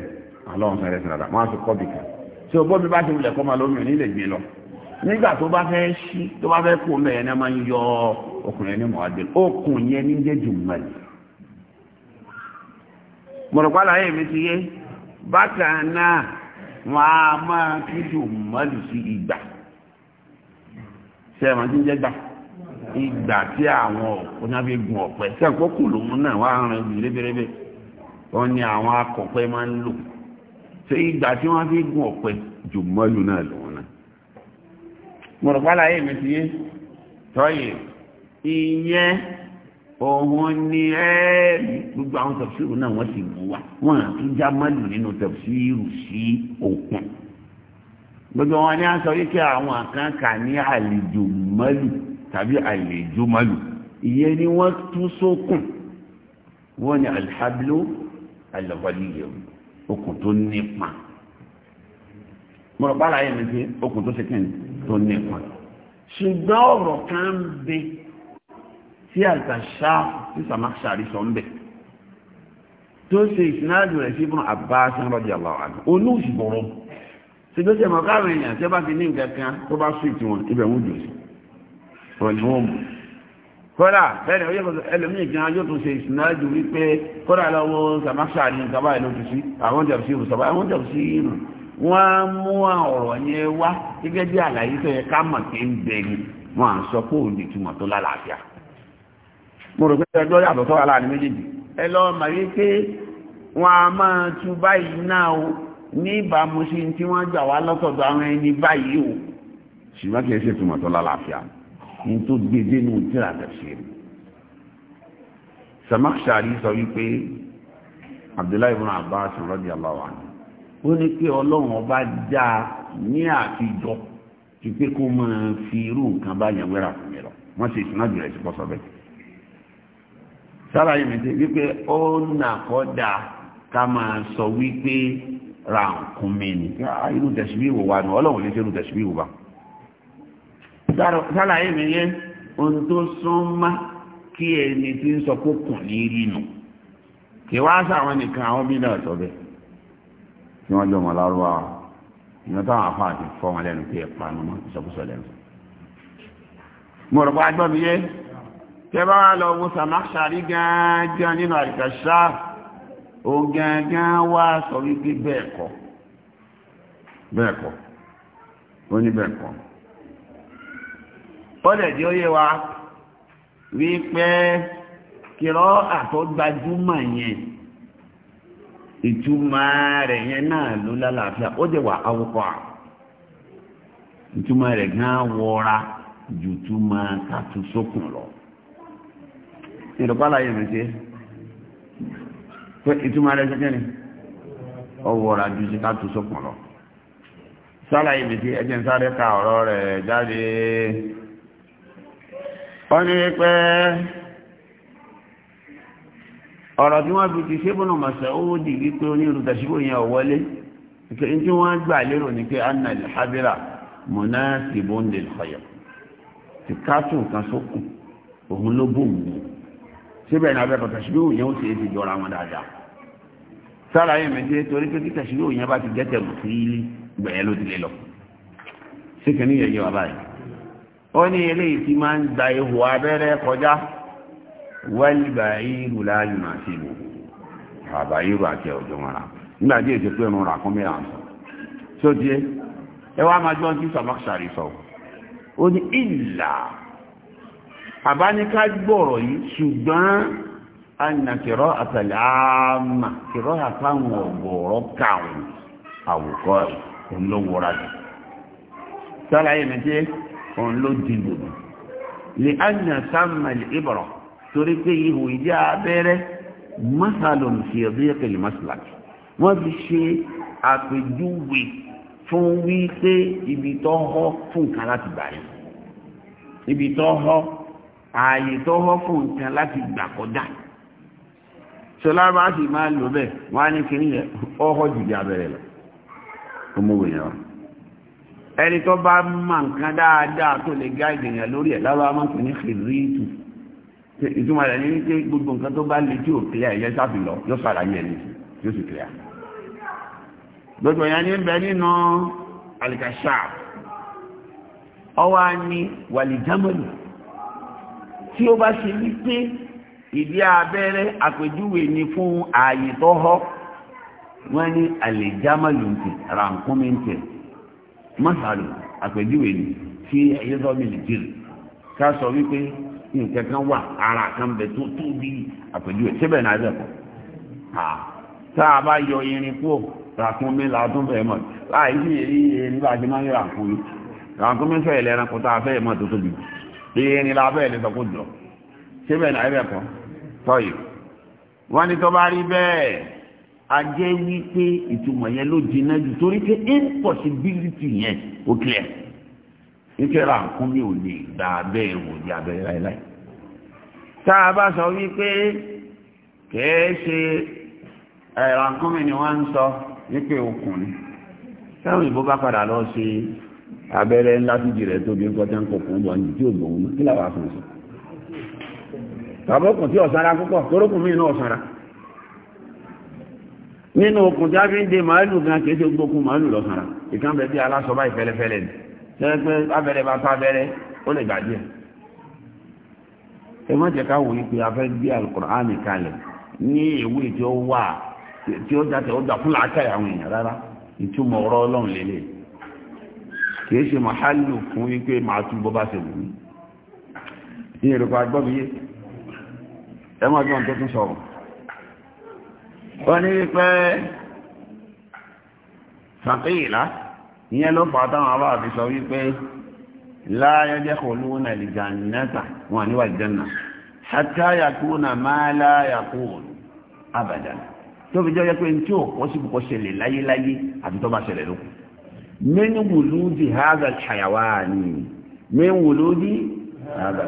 àlọ́run sẹ́rẹ́ sí rárá wọ́n á fi kọ́ bì kan tí o bómi bá ti wulẹ̀ kọ́ máa lómi ò ní lè gbé lọ nígbà tó bá fẹ́ ṣí tó bá fẹ́ kó mẹ́ẹ̀ ní máa yọ okùn yẹn ní mọ̀ adé okùn yẹn ní jẹ́ jùmọ̀lì mọ̀rọ̀pá láyé mi ti yé bákan náà wọn a máa kí jùmọ́lù sí ìgbà ṣe ẹ̀mọ́ tí ń jẹ́ gbà ìgbà tí àwọn onábẹ́gun ọ̀pẹ tí àkókò lòun náà wà rìn ìlú rébérébé wọn ni àwọn akọ̀pẹ máa ń lò ṣe ìgbà tí wọ́n fi gun ọ̀pẹ jùmọ́lù náà lòun náà mọ̀rọ̀pálá yìí mi ti yé tọ́yìn ìyẹn òun ni ẹ́ẹ̀rì gbogbo àwọn tafsiru náà wọ́n sì mú wa wọ́n àti jámánù nínú tafsiru sí òkun gbogbo wọn ni a sọ wípé àwọn kan kà ní àlejò mọ́lù tàbí àlejò mọ́lù ìyẹn ni wọ́n tú sókùn wọ́n ni alhablu alawaliyo okùn tó nípa mọ̀rọ̀ bá ara mi pé okùn tó ṣe tó nípa ṣùgbọ́n ọ̀rọ̀ kan bẹ tí àlùkàṣà tí sàmáṣàrí sọ ń bẹ̀ tó ṣe ìsinádùn rẹ̀ sí fún Abbas radiyallahu anhu olóòṣìbọ̀rọ̀ ṣègbésẹ̀ mọ̀ káàrin èèyàn tí ó bá ti ní nǹkan kan tó bá sùn tí wọn ibẹ̀ wọ́n jù sí ọ̀rọ̀ ni wọ́n mú kọ́dà bẹ́ẹ̀ni oyè kọ́sọ̀ ẹlòmíì kan yóò tún ṣe ìsinádùn wípé kọ́dà lọ́wọ́ sàmáṣàrí nǹkan báyìí ló ti sí àwọn jàbùsí ìrù sọ̀bá àwọn jàbùsí ìrù wọ́n mú ọ̀rọ̀ yẹn wá gẹ́gẹ́ bí àlàyé tó yẹ ká mọ̀ pé ń bẹ ni wọ́n à ń sọ pé òun ìtumọ̀ tó lálàáfíà mo rò pé ẹjọ́ yàtọ̀ sọ́ra láàrin méjèèjì ẹ lọ mà yí pé wọn a máa tu báyìí náà o ní ìbámu sí tí wọ́n gbà wá lọ́tọ̀dọ̀ àwọn ẹni báyìí o ṣùgbọ́n kì í ṣe tùmọ̀ tó lálàáfíà ní tó gbé dénú tíra tẹ̀sí rẹ̀ Samakhshari sọ wípé Abdullahi ibn Abbas radiyallahu anhu ó ní pé ọlọ́run sára yìí mẹ́tẹ́ wípé ó nà kọ́dà ká máa sọ wípé ràǹkúnmí ni ah, irú tẹ̀síbí ìwò wa nù ọlọ́run lè ṣe irú tẹ̀síbí ìwò wa. sára yìí mi yẹ ohun tó súnmá kí ẹni tí ń sọ kókùn ní rí nù kí wá sáwọn nìkan àwọn bí náà sọ bẹ́ẹ̀ tí wọ́n jọ mọ̀ lárúbá táwọn afọ àti fọ́ wọn lẹ́nu pé ẹ̀ pa ni wọ́n lẹ́nu. mo rọ̀ pé agbọ́n mi tẹ́bá wá lọ wo sàmáṣàrí gángan nínú àríkàṣá o gángan wá sọ wípé bẹ́ẹ̀kọ́ bẹ́ẹ̀kọ́ ó ní bẹ́ẹ̀kọ́ pọ́lẹ̀ tí ó yé wa wípé kìrọ́ àtọ́gbajúmọ̀ yẹn ìtumọ̀ rẹ̀ yẹn náà ló lálàáfíà ó dẹ̀ wà awúkọ́ à ìtumọ̀ rẹ̀ gán wọra jù túmọ̀ kàtúnṣókùn lọ ìrọ̀pálá yìí rẹ̀ tiẹ̀ pé ìtumọ̀ rẹ̀ sẹ́kẹ́ni ọwọ́ ra ju sí ká tó sọ́kùn lọ sálà yìí tiẹ̀ ẹ̀jẹ̀ ń sáré ka ọ̀rọ̀ rẹ̀ jáde ó ní wípé ọ̀rọ̀ tí wọ́n fi ti ṣébùnà màṣẹ owó dì wípé onírú tàṣíbò yẹn ní tí wọ́n gbà lérò ní ló bùn mú síbẹ̀ ní abẹ́kọ̀ tẹ̀síwò yẹn ó sì é ti jọra wọn dáadáa sára yẹn mẹ́tẹ́ torí pé kí tẹ̀síwò yẹn bá ti jẹ́tẹ̀ mọ̀ sí ilé gbẹ̀yẹ ló ti lè lọ síkì ní yẹyẹ bàbá yìí ó ní eléyìí ti máa ń gba ihò abẹ́rẹ́ kọjá wálìgbà irú láàyè máa ṣe lò bàbá irú àti ọ̀dọ́ wọn ra nígbà tí èsì pé ìrún ra kún mìíràn sọ sódìé ẹ wá máa jọ ti sọ sọ àbáníká gbọ́rọ̀ yìí ṣùgbọ́n àyìnà kìrọ́ àtàlẹ́ àmà kìrọ́ àtàwọn ọ̀gọ̀ọ̀rọ̀ kàwọn àwòkọ́ òun ló wọra jù sọ́la yìí nìjẹ́ òun ló di lòdù lè àyìnà sàmàlì ìbọ̀rọ̀ torí pé ihò ìdí abẹ́rẹ́ masalon fi ọdún yẹ pẹ̀lú masalaki wọ́n fi ṣe àpèjúwe fún wípé ibi tó họ́ fún nǹkan láti bàyẹ̀ ibi tó họ́ ààyè tó wọ́ fún nǹkan láti gbà kọjá ṣọlá bá sì máa lò bẹ́ẹ̀ wọ́n á ní kí ní yẹ ọkọ̀ jùlọ abẹ́rẹ́ lọ ọmọwé yẹn wa ẹni tó bá mọ̀ nǹkan dáadáa tó lè gá ìdènà lórí ẹ̀ lábá máa ń pè ní xìrìtù ìtumọ̀ rẹ̀ ní pé gbogbo nǹkan tó bá lè tí ò kílẹ̀ ẹ̀yẹ sáfì lọ yóò fara yẹn ni yóò sì kílẹ̀ gbogbo yẹn ní bẹ nínú alikasha ọwọ́ á ní wàlìjámọ́lù tí ó bá ṣe wípé ìdí abẹ́rẹ́ àpèjúwe ni fún ààyè tó họ́ wọ́n ní àlèjámàlù ń tè mọ́sàlù àpèjúwe ni tí ẹ̀yẹ́ sọ́mi nìjírí ká sọ wípé nǹkan kan wà ara kan bẹ̀ tó tóbi àpèjúwe síbẹ̀ náà bẹ̀ kọ́ tá a bá yọ irin kúrò ràkúnmí làtún fẹ́ mọ̀ láì sí èyí èyí bá a ṣe máa ń yọ ràkúnmí ràkúnmí fẹ́ ìlẹ́ran kó tá a tó tóbi jù ìrìn lábẹ́ ilé sọkún jọ ṣé bẹ́ẹ̀ náà ẹ̀rẹ̀ kan tọ́yì wọ́n ní tó bá rí bẹ́ẹ̀ a jẹ́ wípé ìtumọ̀ yẹn ló jiná jù torí pé impossibility yẹn ó clear nítorí àǹkún mi ò lè gba abẹ́ẹ̀ wò ní abẹ́rẹ́ láéláé tá a bá sọ wípé kìí ṣe ẹ̀rọ àǹkún mi ni wọ́n ń sọ wípé okùn ni táwọn ìbò bá padà lọ ṣe abẹ́rẹ́ ńlá tó jì rẹ̀ tóbi ńkọ́ tẹ́ ń kọ̀ fún bọ̀ ní tí ò gbòun ní kí làwọn ọsara sí tàbí tí ọ̀sára púpọ̀ torókùn a fi ń de màálù gan kìí ṣe gbókun màálù lọ́sára ìkan bẹ bí ìfẹ́lẹ́fẹ́lẹ́ ni pé abẹ́rẹ́ bá abẹ́rẹ́ ó lè gbà díẹ̀ kìí ṣe mọ̀hálù fún wípé máa tún bọ́ bá ṣe lù mí ní èròkọ agbọ́bíyé ẹmọ́ ọdún tó tún sọ̀rọ̀ ó ní wípé fàkíyìlá ìyẹn ló fà táwọn ará àfi sọ wípé láyé jẹ́ kòlú náà lè jà nẹ́ta wọn níwà jẹ́nà hátá na máa láyàkú abàdàn tó fi jẹ́ pé tí ò kọ́ sí kò ṣẹlẹ̀ láyéláyé àti tó bá ṣẹlẹ̀ lókun min wùlúdì هذا ṣàyàwáàní من wùlúdì هذا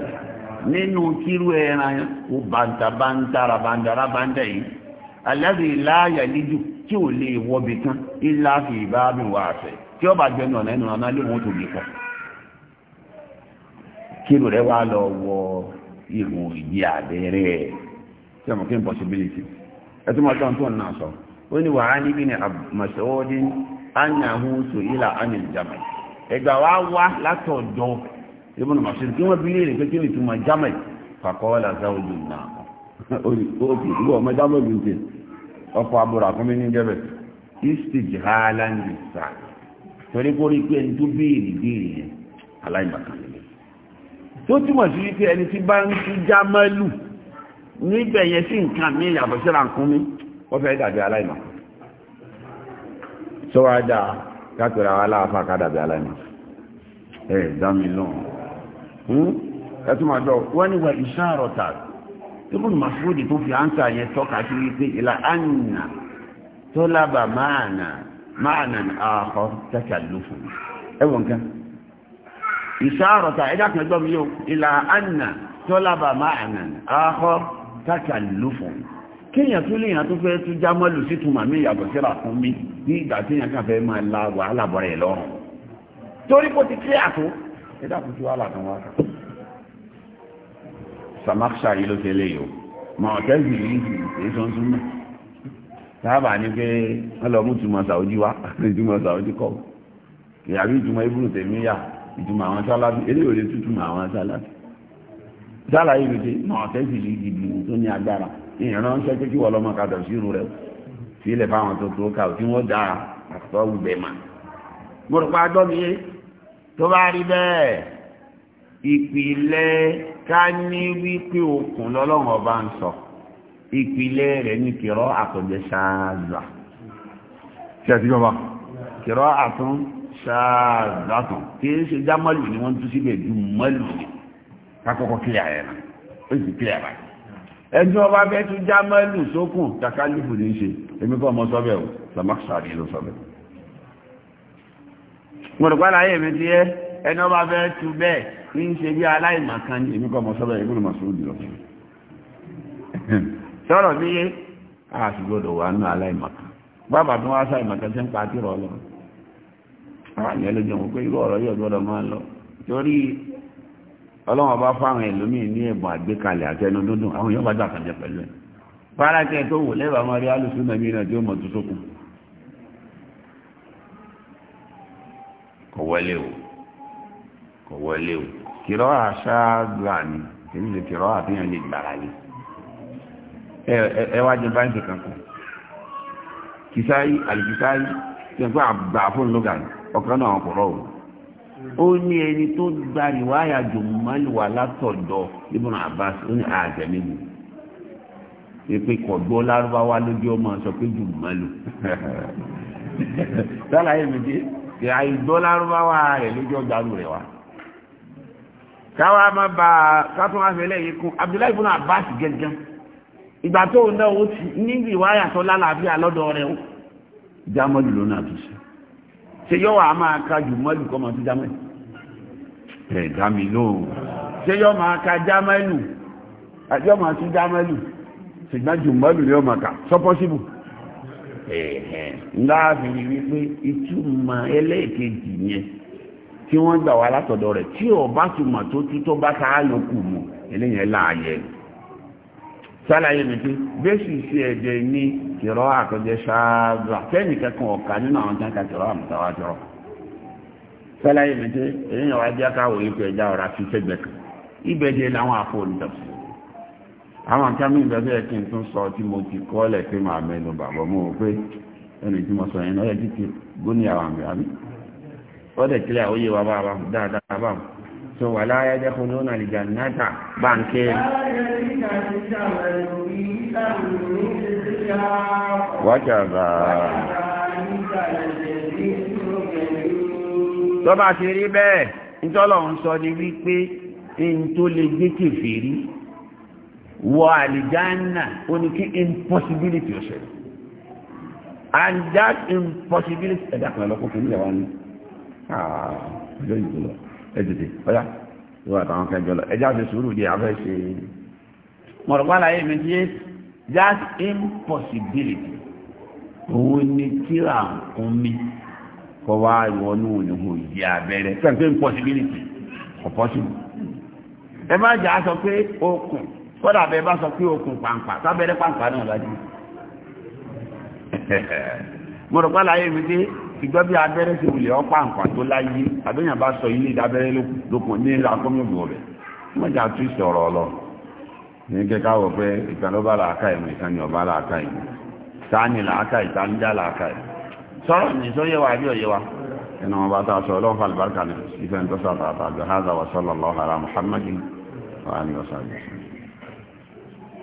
nínú kírú ẹran o bàǹtàbàǹtàrà bàǹtàrà bàǹtà yìí لا láàyà líjù tí ò lè wọ́bi tán ilá fi ìbáàbì wà àfẹ́ tí ó bá gbẹnu ọ̀nà ẹnu ọ̀nà léwọ́n tó lè kọ́ kírú rẹ wá lọ wọ ihò ìdí abẹ́rẹ́ tí ọmọ kí n possibility ẹ tún mọ́ tó náà sọ ó ní wàá níbi ní Mas'udin anyahu sòyìlà anil jamal ẹgbà wa wá látọ̀dọ̀ ibùdó latọ kí wọ́n bí léèrè pé ma ni ìtumọ̀ jamal fàkọ́ọ́lá záwọ́jú náà òkè ìwọ ọmọ jamal bí n tẹ ọkọ̀ àbúrò àkọ́mí ní jẹ́bẹ̀ istijhala ń sà torí kó rí pé ẹni tó bi béèrè yẹn aláìmọ̀kan lè jamalu mi mi tó wá dà kápẹ̀rẹ̀ àwọn aláàfà kádàbí aláìní ẹ̀ dámi lọ́n hmm? ẹ̀tùmọ̀jọ́ wọ́n ni wà ìṣàrọ̀ tà tí bùn masúdì tó fi áńsà yẹn tọ́ka sí wípé ìlà ánìyà tó lábà máàna máàna àkọ́ tẹ́kà lófin ẹwọ̀n kan kéèyàn tún léèyàn tó fẹ́ tún já mọ́lù sí túmọ̀ mí yàtọ̀ síra fún mi ní ìgbà tí èèyàn kàn fẹ́ máa la wàhálà bọ̀rẹ̀ ẹ̀ lọ́rùn torí kó ti kílíà tó ẹ dákun tí wàhálà kan wá kàn. samaksa yìí ló tẹ́lẹ̀ yìí o mọ ọ̀tẹ́sì yìí èyí tó ń tún mọ́ sábà ní pé wọ́n lọ mú ìtumọ̀ sàwọ́dí wá kọ́ ìyàrí ìtumọ̀ ibùdó tèmi yà ìtumọ̀ àwọn sálábì ìyẹn náà ń ṣe pé kí wọ́n lọ́mọ kadà sírù rẹ̀ fi ilẹ̀ fáwọn tó tó kà tí wọ́n da àtọ́ gbẹ̀ mà. mo rò pa gbọ́ mi yé tó bá rí bẹ́ẹ̀ ìpìlẹ̀ ká ní wípé okùn lọ́lọ́run ọba ń sọ ìpìlẹ̀ rẹ̀ ní kìrọ́ àtọ̀jẹ́ ṣáàzà ṣe àti jọba kìrọ́ àtún ṣáàzà tún kì í ṣe jámọ́lù ni wọ́n tún síbẹ̀ ju mọ́lù ni kákọ́kọ́ kílẹ̀ àyẹ̀ náà ó sì kílẹ̀ àbáyé ẹjọ́ ọba fẹ́ tún já mẹ́lù sókùn takálífù ní ṣe èmi kọ́ ọmọ sọ́bẹ̀ ò lamakṣari ló sọ́bẹ̀ mọ̀rùpálá ayé mi ti yẹ ẹni ọba fẹ́ tún bẹ́ẹ̀ ní ṣe bí aláìmọ̀kan ní èmi kọ́ ọmọ sọ́bẹ̀ ìgbónú masúrúdì lọ sọ̀rọ̀ mi yé àṣìgbọ́dọ̀ wà nù aláìmọ̀kan bàbá ọlọ́wọ́n bá fáwọn ẹlòmíì ní ẹ̀bùn àgbékalẹ̀ àtẹnu dúndùn àwọn èèyàn bá gbà kàn jẹ pẹ̀lú ẹ̀ fara tẹ tó wò lẹ́bàá máa rí alùsùn nàmí náà tí ó mọ̀ tó sókun kò wọlé o kò wọlé o kìrọ́ àṣáágbà ni èyí lè kìrọ́ àfihàn lè gbàrà lé ẹ wá báńkì kan kìsáyí àlùkìsáyí tí wọn pé fún lóga ọkàn náà kò rọ ó ní ẹni tó gba ìwáyà jùmọ́lì wà látọ̀dọ̀ ibùn abbas ó ní àjẹmí mi èpè kọ̀gbọ́ lárúbáwá lójú ọmọ sọ pé jùmọ́lù sálàyé mi dé kí àìgbọ́ lárúbáwá rẹ̀ lójú ọgbàlù rẹ̀ wá káwá má ba kátó wá fẹlẹ́ yìí kún abdullahi ibùn abbas gẹ́gẹ́ ìgbà tó ń náwó níbi ìwáyà tó lálàáfíà lọ́dọ̀ rẹ̀ ó jámọ́lù lónà àtúnṣe ṣe máa ka kọ́ jámọ́lù ẹ̀dá mi lóòrùn ṣé yọ́ máa ka jámẹ́lù àti yọ́ máa tún jámẹ́lù ṣùgbọ́n jùmọ́lù ni yọ́ máa kà sọ́pọ́síbù ẹ̀hẹ̀ ńlá fi rí wípé ìtumọ̀ ẹlẹ́ẹ̀kejì yẹn tí wọ́n gbà wá látọ̀dọ̀ rẹ̀ tí ọba túmọ̀ tó tú tó bá ká yòókù mu eléyẹn láàyè sálàyé mi pé bẹ́sì sí ẹ̀jẹ̀ ní kìrọ́ àkọjẹ́ ṣáájú àtẹ́nìkẹ́kọ̀ọ́ ọ̀ka nínú àwọn tí wọ́n ka kìrọ́ àmọ̀tàwájọ́rọ̀ fẹ́lá yìí mi tí èèyàn wá jẹ́ káwọ̀ yìí pé ẹja ọ̀rá fi fẹ́gbẹ̀ kan ibẹ̀ jẹ́ làwọn àpò olùdọ̀sí àwọn akámi ìgbàgbé ẹ̀ kí n tún sọ tí mo ti kọ́ lẹ̀ pé màá mẹ́nu bàbọ̀ mọ́ o pé ẹni tí mo sọ yẹn lọ́yẹ̀ títí gbóni àwọn àmì àmì wọ́n dẹ̀ kílẹ̀ àwòye wa bá wa dáadáa bá wọn so wà láyé jẹ́ fún lónà lè jàndínátà bá ń ké tó bá ṣe rí bẹ́ẹ̀ nítọ́lọ̀ ń sọ ni wípé n tó lè gbé kèfèrí wọ àlìjáńnà ó ní kí impossibility ó and that impossibility ẹ̀dá kan lọ́kọ́ fún ìyàwó ni ọjọ́ ìbò lọ ẹ tètè ọjá ìwọ àtàwọn kẹjọ lọ ẹjá ṣe sùúrù di àfẹ́ ṣe mọ̀rọ̀pá láyé mi ti yé that impossibility òun ni kíra nǹkan mi kọ́ wá ìwọnú òyìnbó ìdí abẹ́rẹ́ pẹ̀lú impossibility kò ẹ má jà á sọ pé okùn kódà bẹ́ẹ̀ bá sọ pé okùn pàǹpà sábẹ́rẹ́ pàǹpà náà lájú. mo rò pálá yé mi dé ìgbọ́ bí abẹ́rẹ́ ọ́ pàǹpà tó láyé àbẹ́yàn bá sọ ilé ìdábẹ́rẹ́ ní ilé akọ́mọ̀bù jà tú ní pé ìtàn ló bá làákà ìmọ̀ ìtàn ni ọba làákà ìmọ̀ sáà ni làákà ìtàn ń já làákà ìmọ̀ sọ̀rọ̀ ní sọ yẹ wa àbí ọ̀yẹ wa ẹnu wọn bá tá a sọ ọlọ́run fún àlùbáríkà ní ìfẹ́ ń tọ́sọ̀ àtàtà àjọ hàzà wa sọ́lọ́ lọ́hàrá muhammadin wa alihi wa